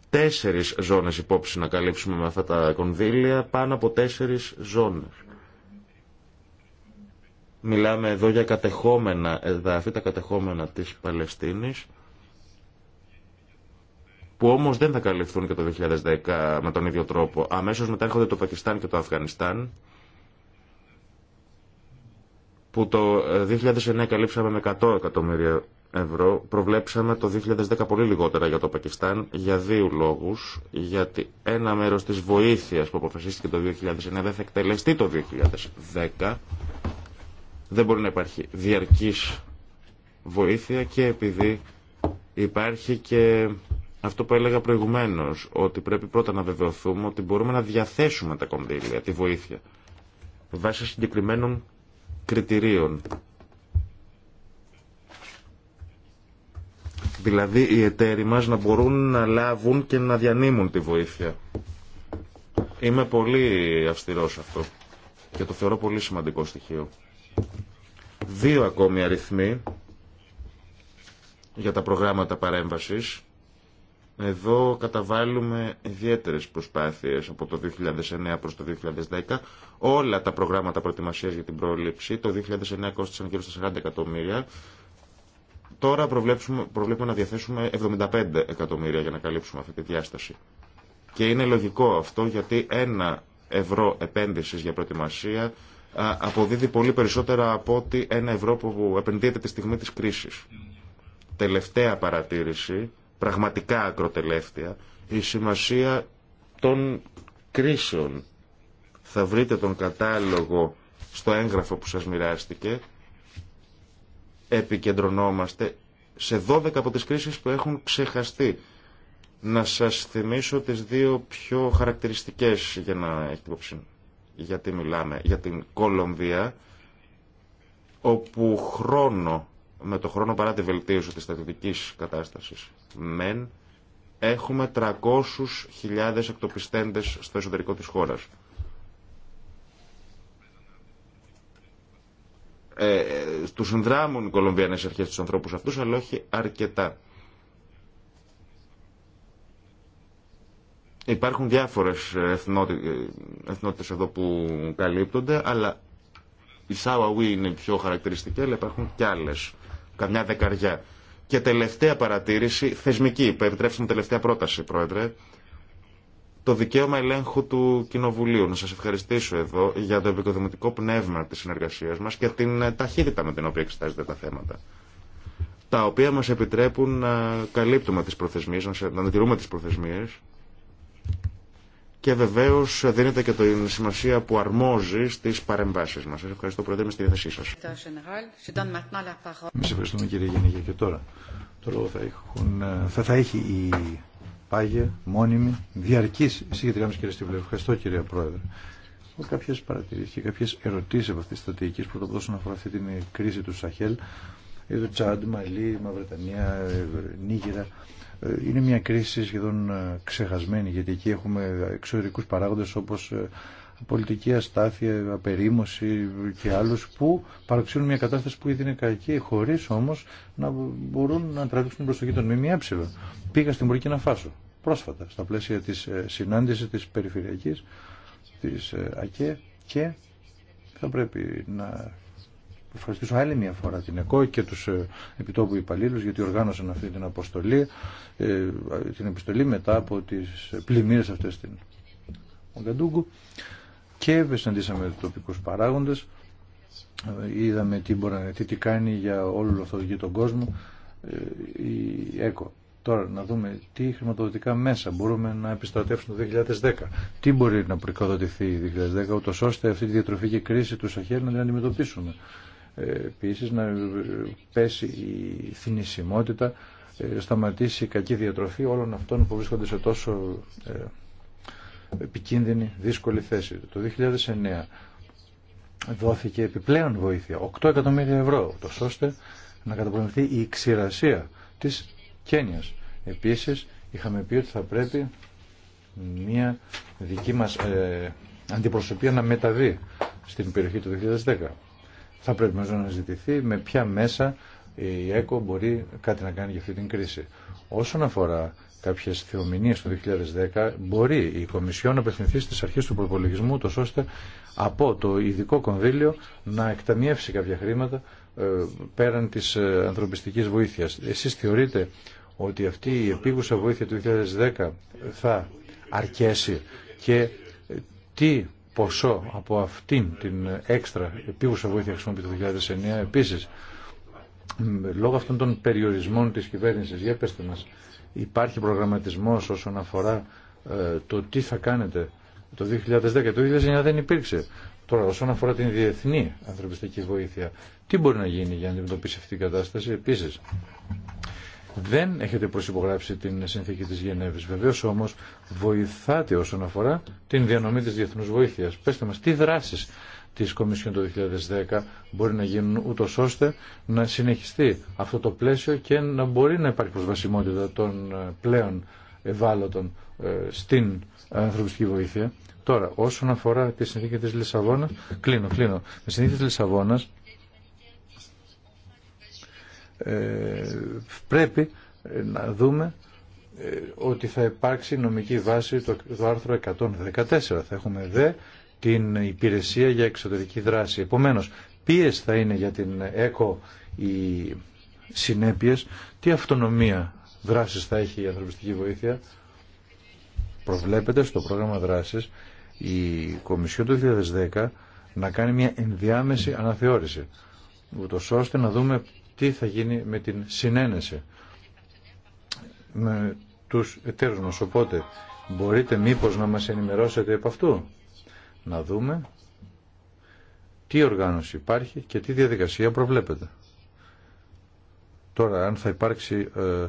Τέσσερι ζώνες υπόψη να καλύψουμε με αυτά τα κονδύλια, πάνω από τέσσερι ζώνες. Μιλάμε εδώ για κατεχόμενα εδάφη, τα κατεχόμενα της Παλαιστίνης, που όμως δεν θα καλυφθούν και το 2010 με τον ίδιο τρόπο. Αμέσως μετά έρχονται το Πακιστάν και το Αφγανιστάν, που το 2009 ε, καλύψαμε με 100 εκατομμύρια ευρώ προβλέψαμε το 2010 πολύ λιγότερα για το Πακιστάν για δύο λόγους. Γιατί ένα μέρος της βοήθειας που αποφασίστηκε το 2009 δεν θα εκτελεστεί το 2010. Δεν μπορεί να υπάρχει διαρκής βοήθεια και επειδή υπάρχει και αυτό που έλεγα προηγουμένως, ότι πρέπει πρώτα να βεβαιωθούμε ότι μπορούμε να διαθέσουμε τα κονδύλια, τη βοήθεια, βάσει συγκεκριμένων κριτηρίων Δηλαδή οι εταίροι μας να μπορούν να λάβουν και να διανύμουν τη βοήθεια. Είμαι πολύ αυστηρός αυτό και το θεωρώ πολύ σημαντικό στοιχείο. Δύο ακόμη αριθμοί για τα προγράμματα παρέμβασης. Εδώ καταβάλουμε ιδιαίτερες προσπάθειες από το 2009 προς το 2010. Όλα τα προγράμματα προετοιμασίας για την πρόληψη, το 2009 κόστησαν γύρω στα 40 εκατομμύρια, Τώρα προβλέπουμε να διαθέσουμε 75 εκατομμύρια για να καλύψουμε αυτή τη διάσταση. Και είναι λογικό αυτό γιατί ένα ευρώ επένδυσης για προετοιμασία αποδίδει πολύ περισσότερα από ότι ένα ευρώ που επενδύεται τη στιγμή της κρίσης. Τελευταία παρατήρηση, πραγματικά ακροτελεύτια, η σημασία των κρίσεων. Θα βρείτε τον κατάλογο στο έγγραφο που σας μοιράστηκε επικεντρωνόμαστε σε 12 από τις κρίσεις που έχουν ξεχαστεί. Να σας θυμίσω τις δύο πιο χαρακτηριστικές για να έχετε υπόψη γιατί μιλάμε. Για την Κολομβία, όπου χρόνο, με το χρόνο παρά τη βελτίωση της στατιωτικής κατάστασης, μεν έχουμε 300.000 εκτοπιστέντες στο εσωτερικό της χώρας. Ε, ε του συνδράμουν οι Κολομβιανέ αρχέ του ανθρώπου αυτού, αλλά όχι αρκετά. Υπάρχουν διάφορες ε, ε, εθνότητες εδώ που καλύπτονται, αλλά η Σάουαουι είναι πιο χαρακτηριστική, αλλά υπάρχουν κι άλλε καμιά δεκαριά. Και τελευταία παρατήρηση, θεσμική, επιτρέψτε μου τελευταία πρόταση, Πρόεδρε, το δικαίωμα ελέγχου του Κοινοβουλίου. Να σας ευχαριστήσω εδώ για το επικοδημοτικό πνεύμα της συνεργασίας μας και την ε, ταχύτητα με την οποία εξετάζετε τα θέματα τα οποία μας επιτρέπουν να καλύπτουμε τις προθεσμίες, να ανατηρούμε τις προθεσμίες και βεβαίω ε, δίνεται και την σημασία που αρμόζει στις παρεμβάσει μα. Σας ευχαριστώ Πρόεδρε, με στη διάθεσή σα. κύριε και τώρα. Ε, θα, έχει πάγια, μόνιμη, διαρκής συγκεκριτικά μας κύριε Στυβλέ. Ευχαριστώ κύριε Πρόεδρε. Έχω κάποιε παρατηρήσει και κάποιε ερωτήσει από αυτή τη στρατηγική πρώτα όσον αφορά αυτή την κρίση του Σαχέλ. Εδώ Τσάντ, Μαλή, Μαυρετανία, ε, Νίγηρα. Ε, είναι μια κρίση σχεδόν ε, ξεχασμένη γιατί εκεί έχουμε εξωτερικού παράγοντε όπω πολιτική αστάθεια, απερίμωση και άλλους που παραξύνουν μια κατάσταση που ήδη είναι κακή, χωρίς όμως να μπορούν να τραβήξουν την προσοχή των ΜΜΕ. Πήγα στην να φάσω πρόσφατα στα πλαίσια της ε, συνάντησης της περιφερειακής της ε, ΑΚΕ και θα πρέπει να ευχαριστήσω άλλη μια φορά την ΕΚΟ και τους ε, επιτόπου υπαλλήλους γιατί οργάνωσαν αυτή την αποστολή την επιστολή μετά από τις πλημμύρες αυτές στην Ογκαντούγκου και συναντήσαμε τοπικού παράγοντε. είδαμε τι, μπορεί, τι, κάνει για όλο αυτό το τον κόσμο ε, η ΕΚΟ. Τώρα να δούμε τι χρηματοδοτικά μέσα μπορούμε να επιστρατεύσουμε το 2010. Τι μπορεί να προοικοδοτηθεί το 2010 ούτω ώστε αυτή τη διατροφική κρίση του Σαχέλ να την αντιμετωπίσουμε. Ε, Επίση να ε, πέσει η θνησιμότητα, σταματήσει η κακή διατροφή όλων αυτών που βρίσκονται σε τόσο επικίνδυνη, δύσκολη θέση. Το 2009 δόθηκε επιπλέον βοήθεια, 8 εκατομμύρια ευρώ, το ώστε να καταπολεμηθεί η ξηρασία της Κένιας. Επίσης, είχαμε πει ότι θα πρέπει μια δική μας ε, αντιπροσωπεία να μεταβεί στην περιοχή του 2010. Θα πρέπει να ζητηθεί με ποια μέσα η ΕΚΟ μπορεί κάτι να κάνει για αυτή την κρίση. Όσον αφορά Κάποιε θεομηνίε το 2010 μπορεί η Κομισιόν να απευθυνθεί στι αρχές του προπολογισμού τόσο ώστε από το ειδικό κονδύλιο να εκταμιεύσει κάποια χρήματα ε, πέραν της ε, ανθρωπιστικής βοήθειας. Εσείς θεωρείτε ότι αυτή η επίγουσα βοήθεια του 2010 θα αρκέσει και τι ποσό από αυτήν την έξτρα επίγουσα βοήθεια χρησιμοποιεί το 2009 επίσης λόγω αυτών των περιορισμών της κυβέρνησης για πέστε μας υπάρχει προγραμματισμός όσον αφορά ε, το τι θα κάνετε το 2010. Το 2009 δεν υπήρξε. Τώρα, όσον αφορά την διεθνή ανθρωπιστική βοήθεια, τι μπορεί να γίνει για να αντιμετωπίσει αυτή η κατάσταση. Επίσης, δεν έχετε προσυπογράψει την συνθήκη της Γενέβης. Βεβαίως όμως βοηθάτε όσον αφορά την διανομή της διεθνού βοήθειας. Πεςτε μας τι δράσεις της Κομισιόν το 2010 μπορεί να γίνουν ούτω ώστε να συνεχιστεί αυτό το πλαίσιο και να μπορεί να υπάρχει προσβασιμότητα των ε, πλέον ευάλωτων ε, στην ανθρωπιστική βοήθεια. Τώρα, όσον αφορά τη συνθήκη της Λισαβόνας, κλείνω, κλείνω. Με συνθήκη της Λισαβόνας ε, πρέπει να δούμε ότι θα υπάρξει νομική βάση το, το άρθρο 114. Θα έχουμε δε την υπηρεσία για εξωτερική δράση. Επομένως, ποιες θα είναι για την ΕΚΟ οι συνέπειες, τι αυτονομία δράσης θα έχει η ανθρωπιστική βοήθεια. Προβλέπεται στο πρόγραμμα δράσης η Κομισιόν του 2010 να κάνει μια ενδιάμεση αναθεώρηση, ούτως ώστε να δούμε τι θα γίνει με την συνένεση με τους εταίρους μας. Οπότε μπορείτε μήπως να μας ενημερώσετε από αυτού να δούμε τι οργάνωση υπάρχει και τι διαδικασία προβλέπεται. Τώρα, αν θα υπάρξει ε,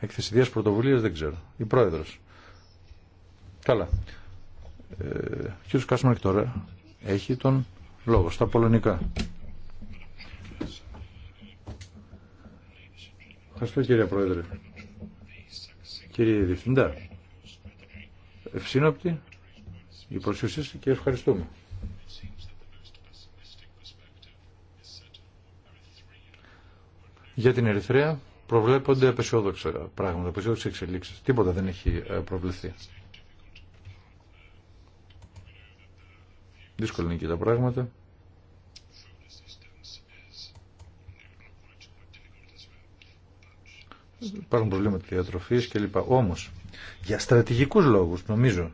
έκθεση δίας πρωτοβουλίας, δεν ξέρω. Η πρόεδρος. Καλά. Ε, κ. Κάσμαρκ τώρα έχει τον λόγο στα πολωνικά. Ευχαριστώ κύριε Πρόεδρε. Κύριε Διευθυντά, ευσύνοπτη η προσοχή και ευχαριστούμε. Για την Ερυθρέα προβλέπονται απεσιόδοξα πράγματα, απεσιόδοξε εξελίξεις. Τίποτα δεν έχει ε, προβληθεί. Δύσκολα είναι και τα πράγματα. Υπάρχουν προβλήματα διατροφή κλπ. Όμω, για στρατηγικούς λόγους, νομίζω,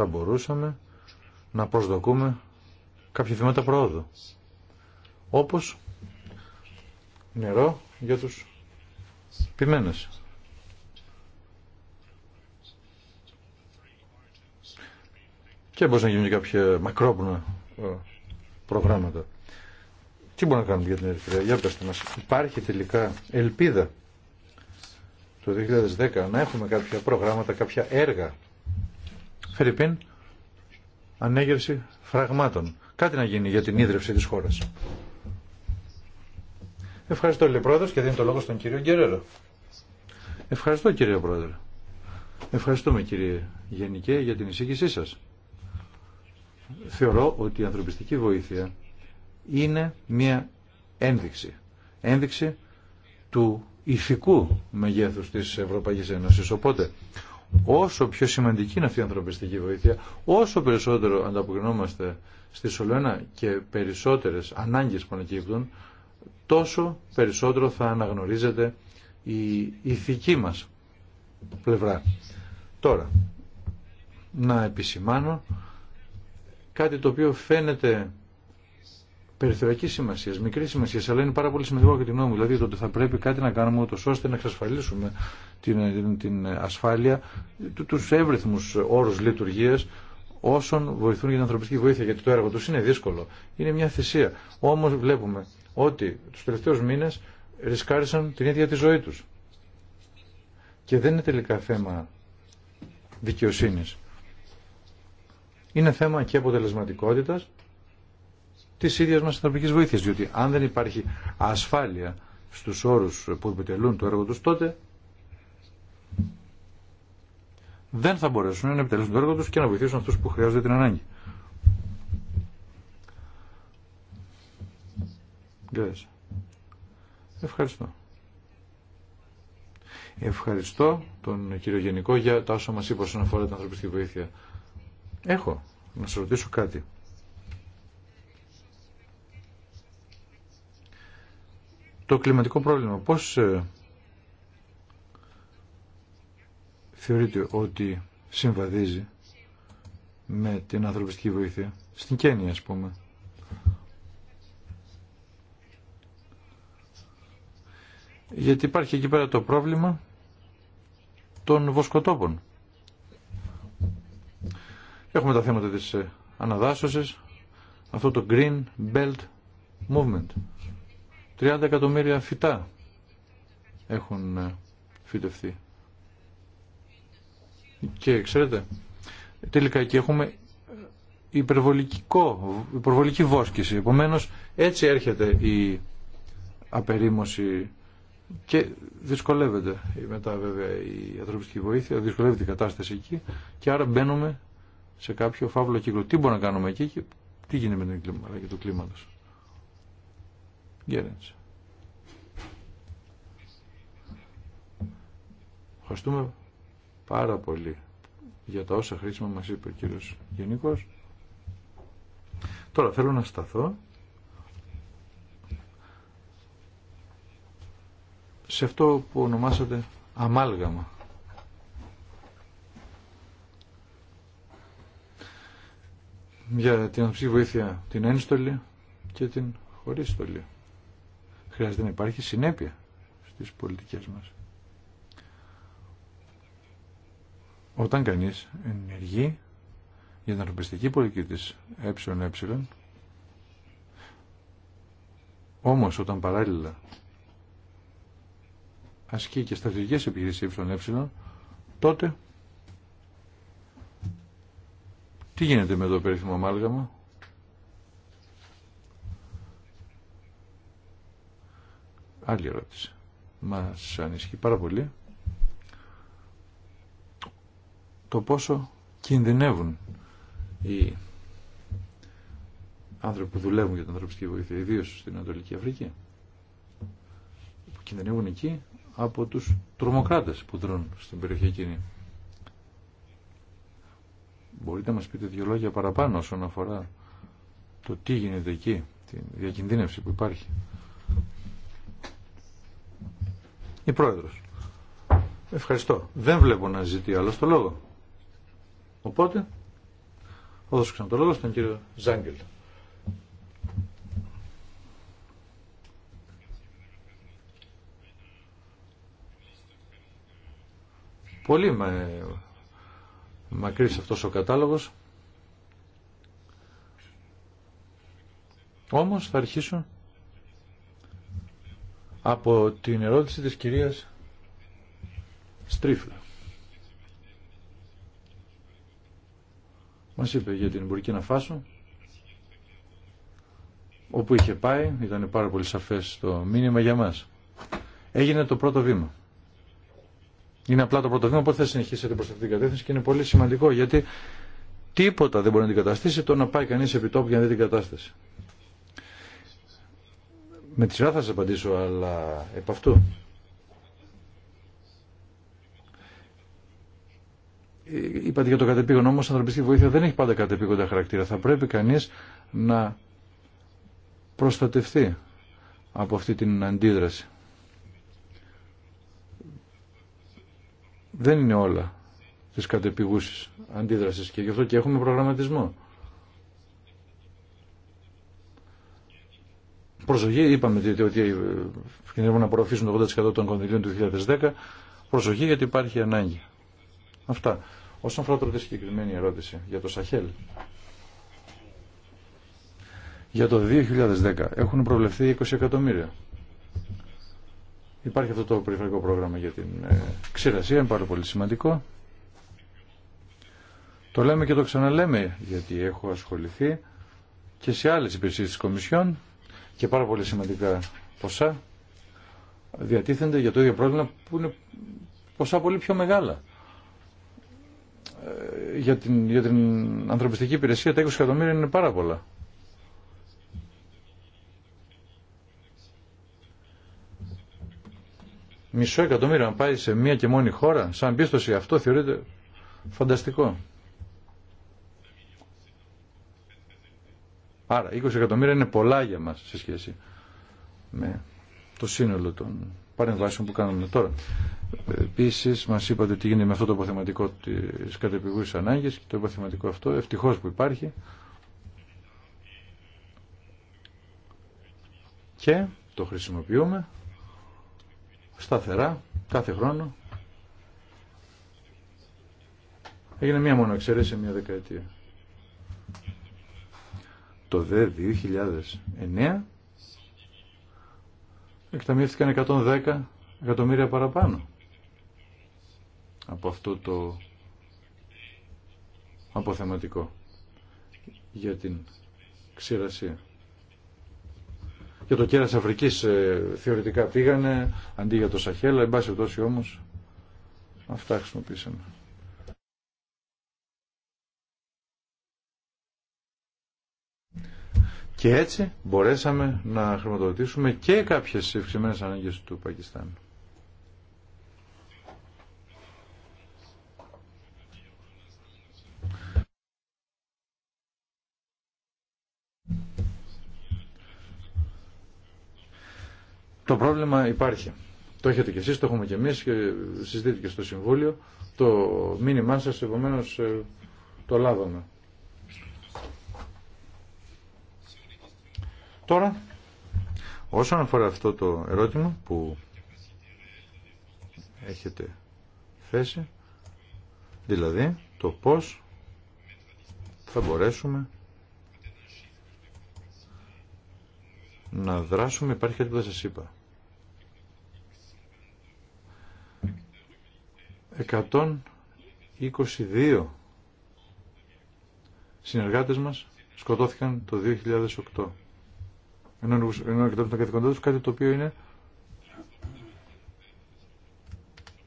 θα μπορούσαμε να προσδοκούμε κάποια βήματα προόδου. Όπως νερό για τους ποιμένες. Και μπορεί να γίνουν κάποια μακρόπνοα ε, προγράμματα. Τι μπορούμε να κάνουμε για την Ερυθρέα, για πετε μας. Υπάρχει τελικά ελπίδα το 2010 να έχουμε κάποια προγράμματα, κάποια έργα Φερρυπίν, ανέγερση φραγμάτων. Κάτι να γίνει για την ίδρυυση της χώρας. Ευχαριστώ, λέει Πρόεδρος, και δίνω το λόγο στον κύριο Γκερέρο. Ευχαριστώ, κύριε Πρόεδρε. Ευχαριστούμε, κύριε Γενικέ, για την εισήγησή σας. Θεωρώ ότι η ανθρωπιστική βοήθεια είναι μια ένδειξη. Ένδειξη του ηθικού μεγέθους της Ευρωπαϊκής Ένωσης. Οπότε όσο πιο σημαντική είναι αυτή η ανθρωπιστική βοήθεια, όσο περισσότερο ανταποκρινόμαστε στη Σολένα και περισσότερες ανάγκες που ανακύπτουν, τόσο περισσότερο θα αναγνωρίζεται η ηθική μας πλευρά. Τώρα, να επισημάνω κάτι το οποίο φαίνεται περιθωριακή σημασία, μικρή σημασία, αλλά είναι πάρα πολύ σημαντικό για την νόμη. Δηλαδή το ότι θα πρέπει κάτι να κάνουμε ούτω ώστε να εξασφαλίσουμε την, την, ασφάλεια, του εύρυθμου όρου λειτουργία όσων βοηθούν για την ανθρωπιστική βοήθεια. Γιατί το έργο του είναι δύσκολο. Είναι μια θυσία. Όμω βλέπουμε ότι του τελευταίου μήνε ρισκάρισαν την ίδια τη ζωή του. Και δεν είναι τελικά θέμα δικαιοσύνη. Είναι θέμα και αποτελεσματικότητας Τη ίδια μας ανθρωπικής βοήθειας. Διότι αν δεν υπάρχει ασφάλεια στους όρου που επιτελούν το έργο τους τότε δεν θα μπορέσουν να επιτελέσουν το έργο τους και να βοηθήσουν αυτού που χρειάζονται την ανάγκη. Ευχαριστώ. Ευχαριστώ τον κύριο Γενικό για τα όσα μας είπε όσον αφορά την ανθρωπιστική βοήθεια. Έχω να σας ρωτήσω κάτι. το κλιματικό πρόβλημα. Πώς ε, θεωρείτε ότι συμβαδίζει με την ανθρωπιστική βοήθεια στην Κένια ας πούμε. Γιατί υπάρχει εκεί πέρα το πρόβλημα των βοσκοτόπων. Έχουμε τα θέματα της ε, αναδάσωσης, αυτό το Green Belt Movement. 30 εκατομμύρια φυτά έχουν ε, φυτευτεί. Και ξέρετε, τελικά εκεί έχουμε ε, υπερβολικό, υπερβολική βόσκηση. Επομένως, έτσι έρχεται η απερίμωση και δυσκολεύεται μετά βέβαια η ανθρωπιστική βοήθεια, δυσκολεύεται η κατάσταση εκεί και άρα μπαίνουμε σε κάποιο φαύλο κύκλο. Τι μπορούμε να κάνουμε εκεί και τι γίνεται με την κλίμα, του Γκέρεντς. Ευχαριστούμε πάρα πολύ για τα όσα χρήσιμα μας είπε ο κύριος Γενικός. Τώρα θέλω να σταθώ σε αυτό που ονομάσατε αμάλγαμα. Για την ψυχή βοήθεια την ένστολη και την χωρίστολη. Χρειάζεται να υπάρχει συνέπεια στις πολιτικές μας. Όταν κανείς ενεργεί για την ανθρωπιστική πολιτική της ΕΕ, όμως όταν παράλληλα ασκεί και στρατηγικές επιχειρήσεις ΕΕ, τότε τι γίνεται με το περίφημο αμάλγαμα, Άλλη ερώτηση. Μας ανησυχεί πάρα πολύ το πόσο κινδυνεύουν οι άνθρωποι που δουλεύουν για την ανθρωπιστική βοήθεια, ιδίω στην Ανατολική Αφρική. Που κινδυνεύουν εκεί από τους τρομοκράτες που δρούν στην περιοχή εκείνη. Μπορείτε να μας πείτε δύο λόγια παραπάνω όσον αφορά το τι γίνεται εκεί, τη διακινδύνευση που υπάρχει. Η πρόεδρος. Ευχαριστώ. Δεν βλέπω να ζητεί άλλο το λόγο. Οπότε, θα δώσω ξανά το λόγο στον κύριο Ζάγκελ. Πολύ με... μακρύς αυτός ο κατάλογος. Όμως θα αρχίσω από την ερώτηση της κυρίας Στρίφλα. Μας είπε για την να φάσω όπου είχε πάει, ήταν πάρα πολύ σαφές το μήνυμα για μας. Έγινε το πρώτο βήμα. Είναι απλά το πρώτο βήμα, που θα συνεχίσετε προς αυτήν την κατεύθυνση και είναι πολύ σημαντικό, γιατί τίποτα δεν μπορεί να την καταστήσει το να πάει κανείς επιτόπου για να δει την κατάσταση. Με τη σειρά θα σας απαντήσω, αλλά επ' αυτού. Είπατε για το κατεπήγον, όμως η ανθρωπιστική βοήθεια δεν έχει πάντα κατεπήγοντα χαρακτήρα. Θα πρέπει κανείς να προστατευτεί από αυτή την αντίδραση. Δεν είναι όλα τις κατεπηγούσεις αντίδρασης και γι' αυτό και έχουμε προγραμματισμό. Προσοχή, είπαμε ότι ε, κινδυνεύουν να απορροφήσουν το 80% των κονδυλίων του 2010. Προσοχή γιατί υπάρχει ανάγκη. Αυτά. Όσον αφορά τώρα τη συγκεκριμένη ερώτηση για το Σαχέλ. Για το 2010 έχουν προβλεφθεί 20 εκατομμύρια. Υπάρχει αυτό το περιφερειακό πρόγραμμα για την ε, ξηρασία, είναι πάρα πολύ σημαντικό. Το λέμε και το ξαναλέμε γιατί έχω ασχοληθεί και σε άλλες υπηρεσίες της Κομισιόν και πάρα πολύ σημαντικά ποσά διατίθενται για το ίδιο πρόβλημα που είναι ποσά πολύ πιο μεγάλα. Ε, για την, για την ανθρωπιστική υπηρεσία τα 20 εκατομμύρια είναι πάρα πολλά. Μισό εκατομμύριο να πάει σε μία και μόνη χώρα σαν πίστοση αυτό θεωρείται φανταστικό. Άρα 20 εκατομμύρια είναι πολλά για μας σε σχέση με το σύνολο των παρεμβάσεων που κάνουμε τώρα. Επίση, μα είπατε τι γίνεται με αυτό το υποθεματικό τη κατεπηγούση ανάγκη και το υποθεματικό αυτό ευτυχώ που υπάρχει. Και το χρησιμοποιούμε σταθερά κάθε χρόνο. Έγινε μία μόνο εξαίρεση σε μία δεκαετία. Το δε 2009 εκταμιεύτηκαν 110 εκατομμύρια παραπάνω από αυτό το αποθεματικό για την ξηρασία. Για το κέρας Αφρικής ε, θεωρητικά πήγανε, αντί για το Σαχέλα, εν πάση τόση όμως αυτά χρησιμοποίησαμε. Και έτσι μπορέσαμε να χρηματοδοτήσουμε και κάποιες ευξημένες ανάγκες του Πακιστάν. Το πρόβλημα υπάρχει. Το έχετε και εσείς, το έχουμε και εμείς και συζητήθηκε στο Συμβούλιο. Το μήνυμά σας επομένως ε, το λάβαμε. Τώρα, όσον αφορά αυτό το ερώτημα που έχετε θέσει, δηλαδή το πώς θα μπορέσουμε να δράσουμε υπάρχει κάτι που δεν σας είπα. 122 συνεργάτες μας σκοτώθηκαν το 2008 ενώ εκτός των καθηκοντών τους κάτι το οποίο είναι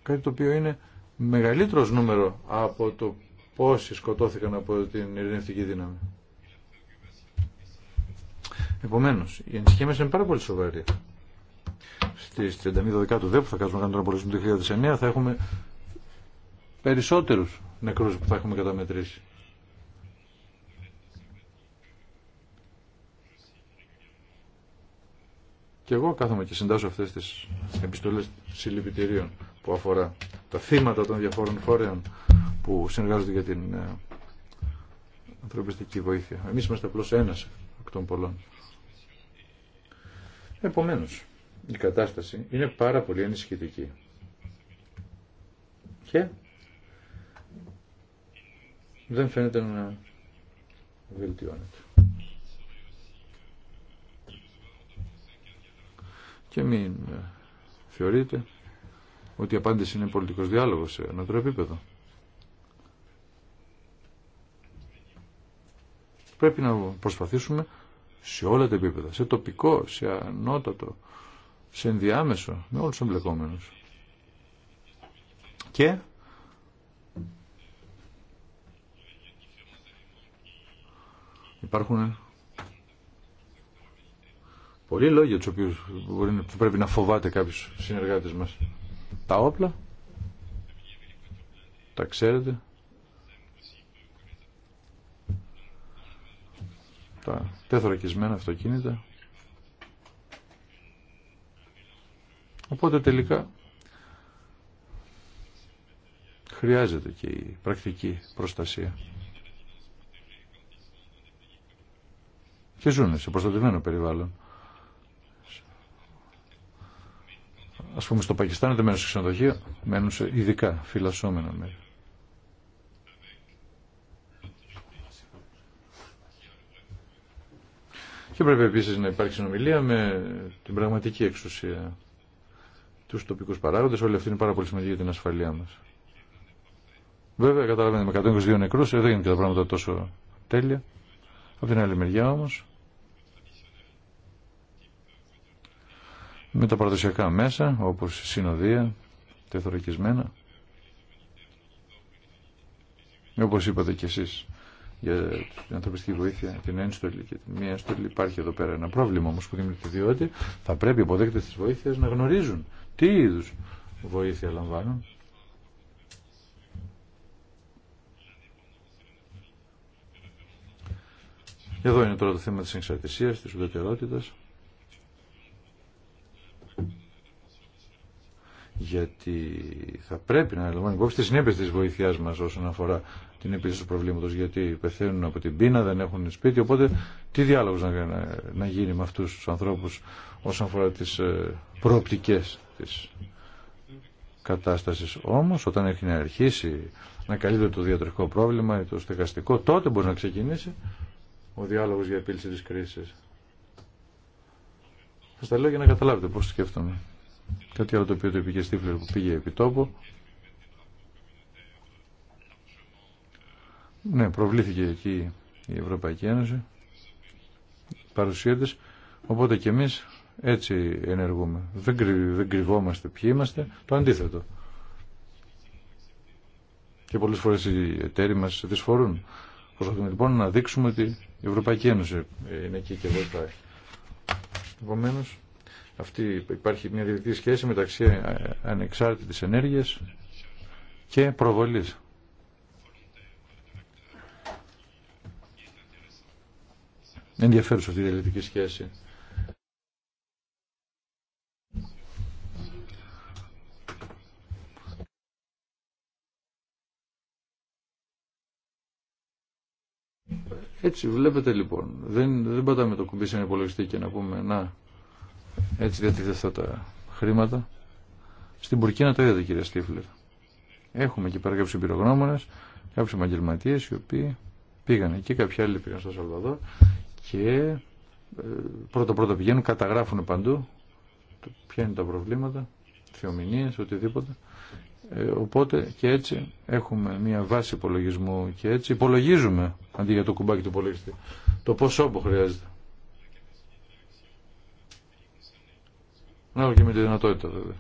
κάτι το οποίο είναι μεγαλύτερος νούμερο από το πόσοι σκοτώθηκαν από την ειρηνευτική δύναμη. Επομένως, η ανησυχία είναι πάρα πολύ σοβαρή. Στις 31 Δεκάτου ΔΕΠ, που θα να κάνουμε τον απολύσμα του 2009 θα έχουμε περισσότερους νεκρούς που θα έχουμε καταμετρήσει. Και εγώ κάθομαι και συντάζω αυτές τις επιστολές συλληπιτηρίων που αφορά τα θύματα των διαφόρων φορέων που συνεργάζονται για την ε, ανθρωπιστική βοήθεια. Εμείς είμαστε απλώς ένας εκ των πολλών. Επομένως, η κατάσταση είναι πάρα πολύ ενισχυτική. Και δεν φαίνεται να βελτιώνεται. και μην ε, θεωρείτε ότι η απάντηση είναι πολιτικός διάλογος σε ανώτερο επίπεδο. Πρέπει να προσπαθήσουμε σε όλα τα επίπεδα, σε τοπικό, σε ανώτατο, σε ενδιάμεσο, με όλους τους εμπλεκόμενους. Και υπάρχουν Πολλοί λόγοι του οποίου πρέπει να φοβάται κάποιο συνεργάτε μα. Τα όπλα. Τα ξέρετε. Τα τεθωρακισμένα αυτοκίνητα. Οπότε τελικά χρειάζεται και η πρακτική προστασία. Και ζουν σε προστατευμένο περιβάλλον. ας πούμε στο Πακιστάν δεν μένουν σε ξενοδοχεία, μένουν σε ειδικά φυλασσόμενα μέρη. Και πρέπει επίσης να υπάρχει συνομιλία με την πραγματική εξουσία τους τοπικούς παράγοντες. Όλοι αυτή είναι πάρα πολύ σημαντική για την ασφαλεία μας. Βέβαια, καταλαβαίνετε, με 122 νεκρούς δεν και τα πράγματα τόσο τέλεια. Από την άλλη μεριά όμως, με τα παραδοσιακά μέσα όπως η συνοδεία, τεθωρακισμένα όπως είπατε κι εσείς για την ανθρωπιστική βοήθεια, την ένστολη και την μία ένστολη υπάρχει εδώ πέρα ένα πρόβλημα όμως που δημιουργεί διότι θα πρέπει οι αποδέκτες της βοήθειας να γνωρίζουν τι είδους βοήθεια λαμβάνουν Εδώ είναι τώρα το θέμα της εξαρτησίας, της ουδετερότητας. γιατί θα πρέπει να λαμβάνει υπόψη τι συνέπειε τη βοήθειάς μας όσον αφορά την επίλυση του προβλήματο, γιατί πεθαίνουν από την πείνα, δεν έχουν σπίτι οπότε τι διάλογο να, να, να γίνει με αυτού του ανθρώπου όσον αφορά τι ε, προοπτικές της κατάστασης όμως όταν έχει να αρχίσει να καλύπτει το διατροφικό πρόβλημα ή το στεγαστικό τότε μπορεί να ξεκινήσει ο διάλογο για επίλυση της κρίσης. Σα τα λέω για να καταλάβετε πώ σκέφτομαι. Κάτι άλλο το οποίο το είπε και Στίφλερ που πήγε επί τόπο Ναι, προβλήθηκε εκεί η Ευρωπαϊκή Ένωση. Παρουσία Οπότε και εμείς έτσι ενεργούμε. Δεν, δεν κρυβόμαστε ποιοι είμαστε. Το αντίθετο. Και πολλές φορές οι εταίροι μας δυσφορούν. Προσπαθούμε λοιπόν να δείξουμε ότι η Ευρωπαϊκή Ένωση είναι εκεί και βοηθάει. Επομένως, αυτή, υπάρχει μια διεκτική σχέση μεταξύ ανεξάρτητης ενέργειας και προβολής. Ενδιαφέρουσα αυτή η διαλυτική σχέση. Έτσι βλέπετε λοιπόν, δεν, δεν πατάμε το κουμπί σε ένα υπολογιστή και να πούμε να έτσι διατίθεται αυτά τα χρήματα. Στην Πουρκίνα το είδατε κύριε Στίφλερ. Έχουμε εκεί πέρα κάποιου εμπειρογνώμονε, κάποιου επαγγελματίε οι οποίοι πήγαν εκεί, κάποιοι άλλοι πήγαν στο Σαλβαδόρ και πρώτα ε, πρώτα πηγαίνουν, καταγράφουν παντού ποια είναι τα προβλήματα, θεομηνίε, οτιδήποτε. Ε, οπότε και έτσι έχουμε μια βάση υπολογισμού και έτσι υπολογίζουμε αντί για το κουμπάκι του υπολογιστή το ποσό που χρειάζεται. Να και με τη δυνατότητα βέβαια.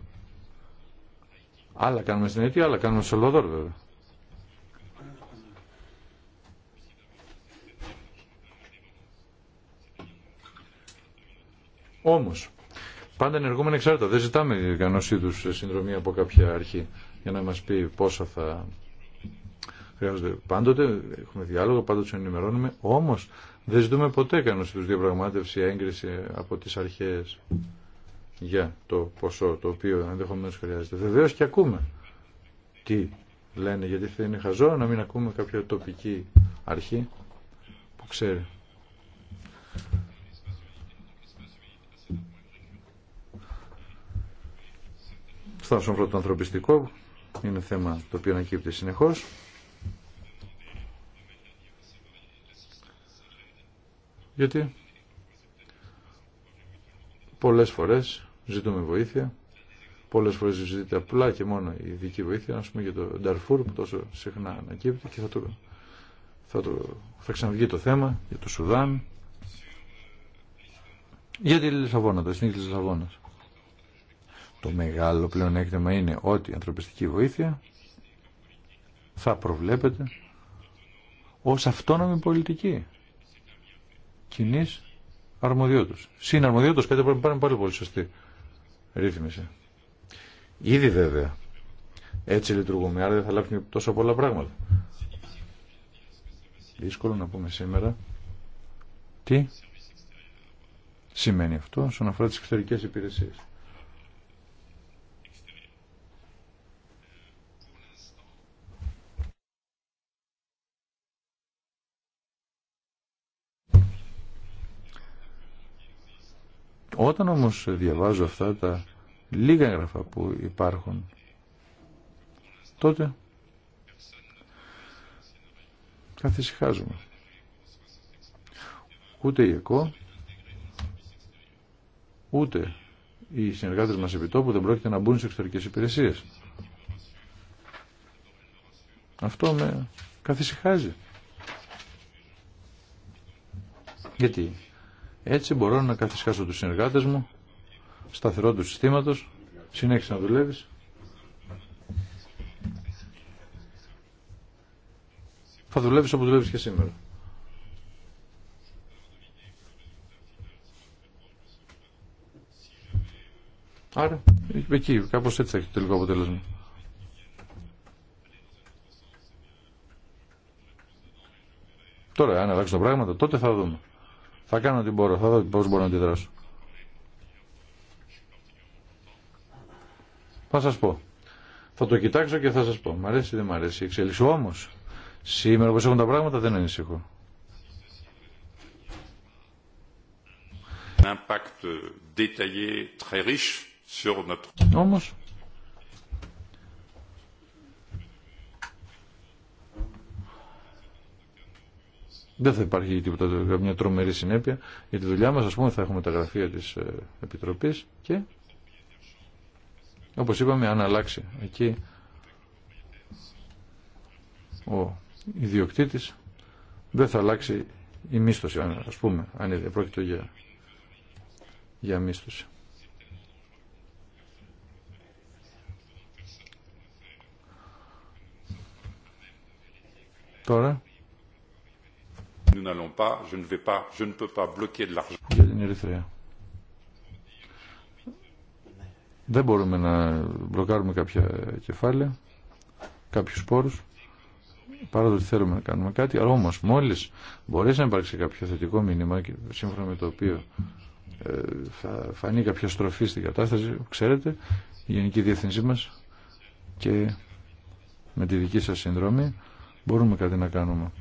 Άλλα κάνουμε στην Αιτία, άλλα κάνουμε στο Λοδόρ βέβαια. Όμω, πάντα ενεργούμε εξάρτητα. Δεν ζητάμε κανό είδου συνδρομή από κάποια αρχή για να μας πει πόσα θα χρειάζονται. Πάντοτε έχουμε διάλογο, πάντοτε του ενημερώνουμε, Όμω, δεν ζητούμε ποτέ κανό είδου διαπραγμάτευση, έγκριση από τις αρχές για το ποσό το οποίο ενδεχομένω χρειάζεται. Βεβαίω και ακούμε τι λένε, γιατί θα είναι χαζό να μην ακούμε κάποια τοπική αρχή που ξέρει. Φτάσαμε αυτό το ανθρωπιστικό, είναι θέμα το οποίο ανακύπτει συνεχώς. Γιατί πολλές φορές ζητούμε βοήθεια. Πολλές φορές ζητείται απλά και μόνο η ειδική βοήθεια, ας πούμε για το Νταρφούρ που τόσο συχνά ανακύπτει και θα, το, θα, το, ξαναβγεί το θέμα για το Σουδάν. Για τη Λισαβόνα, το συνήθι της Το μεγάλο πλέον έκτημα είναι ότι η ανθρωπιστική βοήθεια θα προβλέπεται ως αυτόνομη πολιτική κοινή αρμοδιότητα. Συναρμοδιότητα, κάτι που πάλι πάρα πολύ σωστή ρύθμιση. Ήδη βέβαια έτσι λειτουργούμε, άρα δεν θα αλλάξουν τόσο πολλά πράγματα. Δύσκολο να πούμε σήμερα τι σημαίνει αυτό όσον αφορά τις εξωτερικές υπηρεσίες. Όταν όμως διαβάζω αυτά τα λίγα έγγραφα που υπάρχουν, τότε καθησυχάζουμε. Ούτε η ΕΚΟ, ούτε οι συνεργάτες μας επιτόπου δεν πρόκειται να μπουν σε εξωτερικές υπηρεσίες. Αυτό με καθυσυχάζει. Γιατί έτσι μπορώ να καθισκάσω τους συνεργάτες μου, σταθερό του συστήματος, συνέχισε να δουλεύεις. Θα δουλεύεις όπου δουλεύεις και σήμερα. Άρα, εκεί, κάπως έτσι θα έχει το τελικό αποτέλεσμα. Τώρα, αν αλλάξουν τα πράγματα, τότε θα δούμε. Θα κάνω ό,τι μπορώ. Θα δω πώς μπορώ να αντιδράσω. Θα σας πω. Θα το κοιτάξω και θα σας πω. Μ' αρέσει ή δεν μ' αρέσει η εξέλιξη. Όμως, σήμερα όπως έχουν τα πράγματα δεν ανησυχώ. Impact Όμως, δεν θα υπάρχει τίποτα, μια τρομερή συνέπεια για τη δουλειά μας. Ας πούμε θα έχουμε τα γραφεία της ε, Επιτροπής και όπως είπαμε αν αλλάξει εκεί ο ιδιοκτήτης δεν θα αλλάξει η μίσθωση ας πούμε αν είναι πρόκειτο για, για μίσθωση. Τώρα Nous n'allons pas, Δεν μπορούμε να μπλοκάρουμε κάποια κεφάλαια, κάποιους πόρους, παρά το ότι θέλουμε να κάνουμε κάτι, αλλά όμως μόλις μπορέσει να υπάρξει κάποιο θετικό μήνυμα, σύμφωνα με το οποίο ε, θα φανεί κάποια στροφή στην κατάσταση, ξέρετε, η Γενική Διευθυνσή μας και με τη δική σας συνδρομή μπορούμε κάτι να κάνουμε.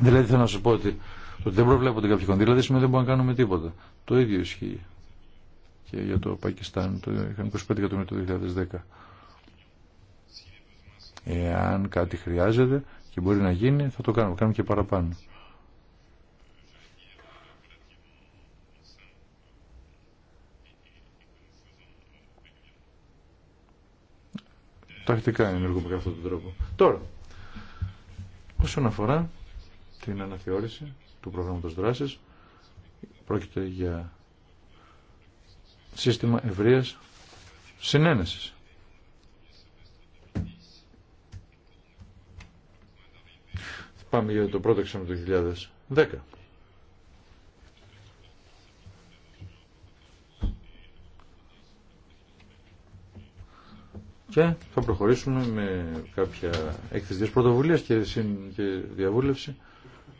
Δηλαδή θέλω να σου πω ότι το δεν προβλέπονται κάποιοι κονδύλοι. δηλαδή σημαίνει δεν μπορούμε να κάνουμε τίποτα. Το ίδιο ισχύει και για το Πακιστάν. Το είχαμε 25 εκατομμύρια το 2010. Εάν κάτι χρειάζεται και μπορεί να γίνει θα το κάνουμε. Κάνουμε και παραπάνω. Τακτικά ενεργούμε κατά αυτόν τον τρόπο. Τώρα, όσον αφορά την αναθεώρηση του προγράμματος δράσης. Πρόκειται για σύστημα ευρείας συνένεσης. Πάμε για το πρώτο εξάμεινο του 2010. Και θα προχωρήσουμε με κάποια έκθεση πρωτοβουλίας και διαβούλευση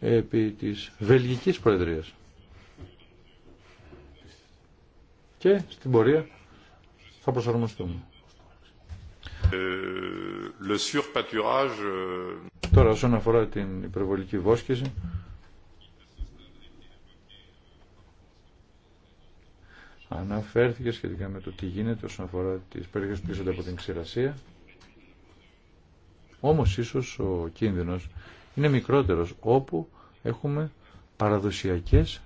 επί της Βελγικής Προεδρίας. Και στην πορεία θα προσαρμοστούμε. Ε, ε, Τώρα όσον αφορά την υπερβολική βόσκηση αναφέρθηκε σχετικά με το τι γίνεται όσον αφορά τις περιοχές που από την ξηρασία όμως ίσως ο κίνδυνος είναι μικρότερος όπου έχουμε παραδοσιακές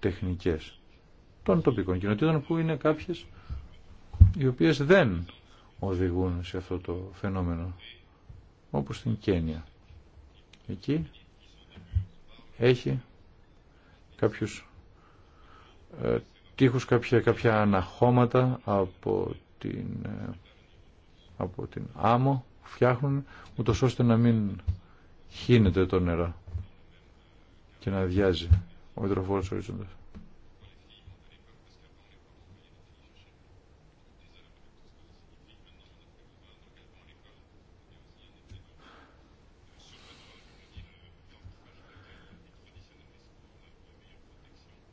τεχνικές των τοπικών κοινοτήτων που είναι κάποιες οι οποίες δεν οδηγούν σε αυτό το φαινόμενο όπως στην Κένια. Εκεί έχει κάποιους ε, τείχους, κάποια, κάποια αναχώματα από την, ε, από την άμμο που φτιάχνουν ούτως ώστε να μην χύνεται το νερό και να αδειάζει ο μετροφόρος ορίζοντας.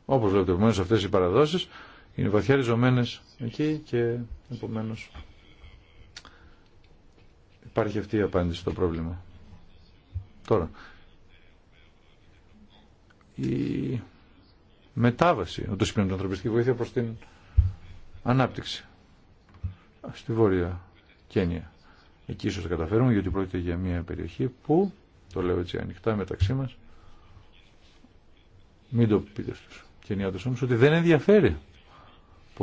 Όπως λέτε, επομένως αυτές οι παραδόσεις είναι βαθιά ριζωμένες εκεί και επομένως υπάρχει αυτή η απάντηση στο πρόβλημα. Τώρα, η μετάβαση, ούτως είπε, την ανθρωπιστική βοήθεια προς την ανάπτυξη στη Βόρεια Κένια. Εκεί ίσως θα καταφέρουμε, γιατί πρόκειται για μια περιοχή που, το λέω έτσι ανοιχτά μεταξύ μας, μην το πείτε στους Κενιάτες όμως, ότι δεν ενδιαφέρει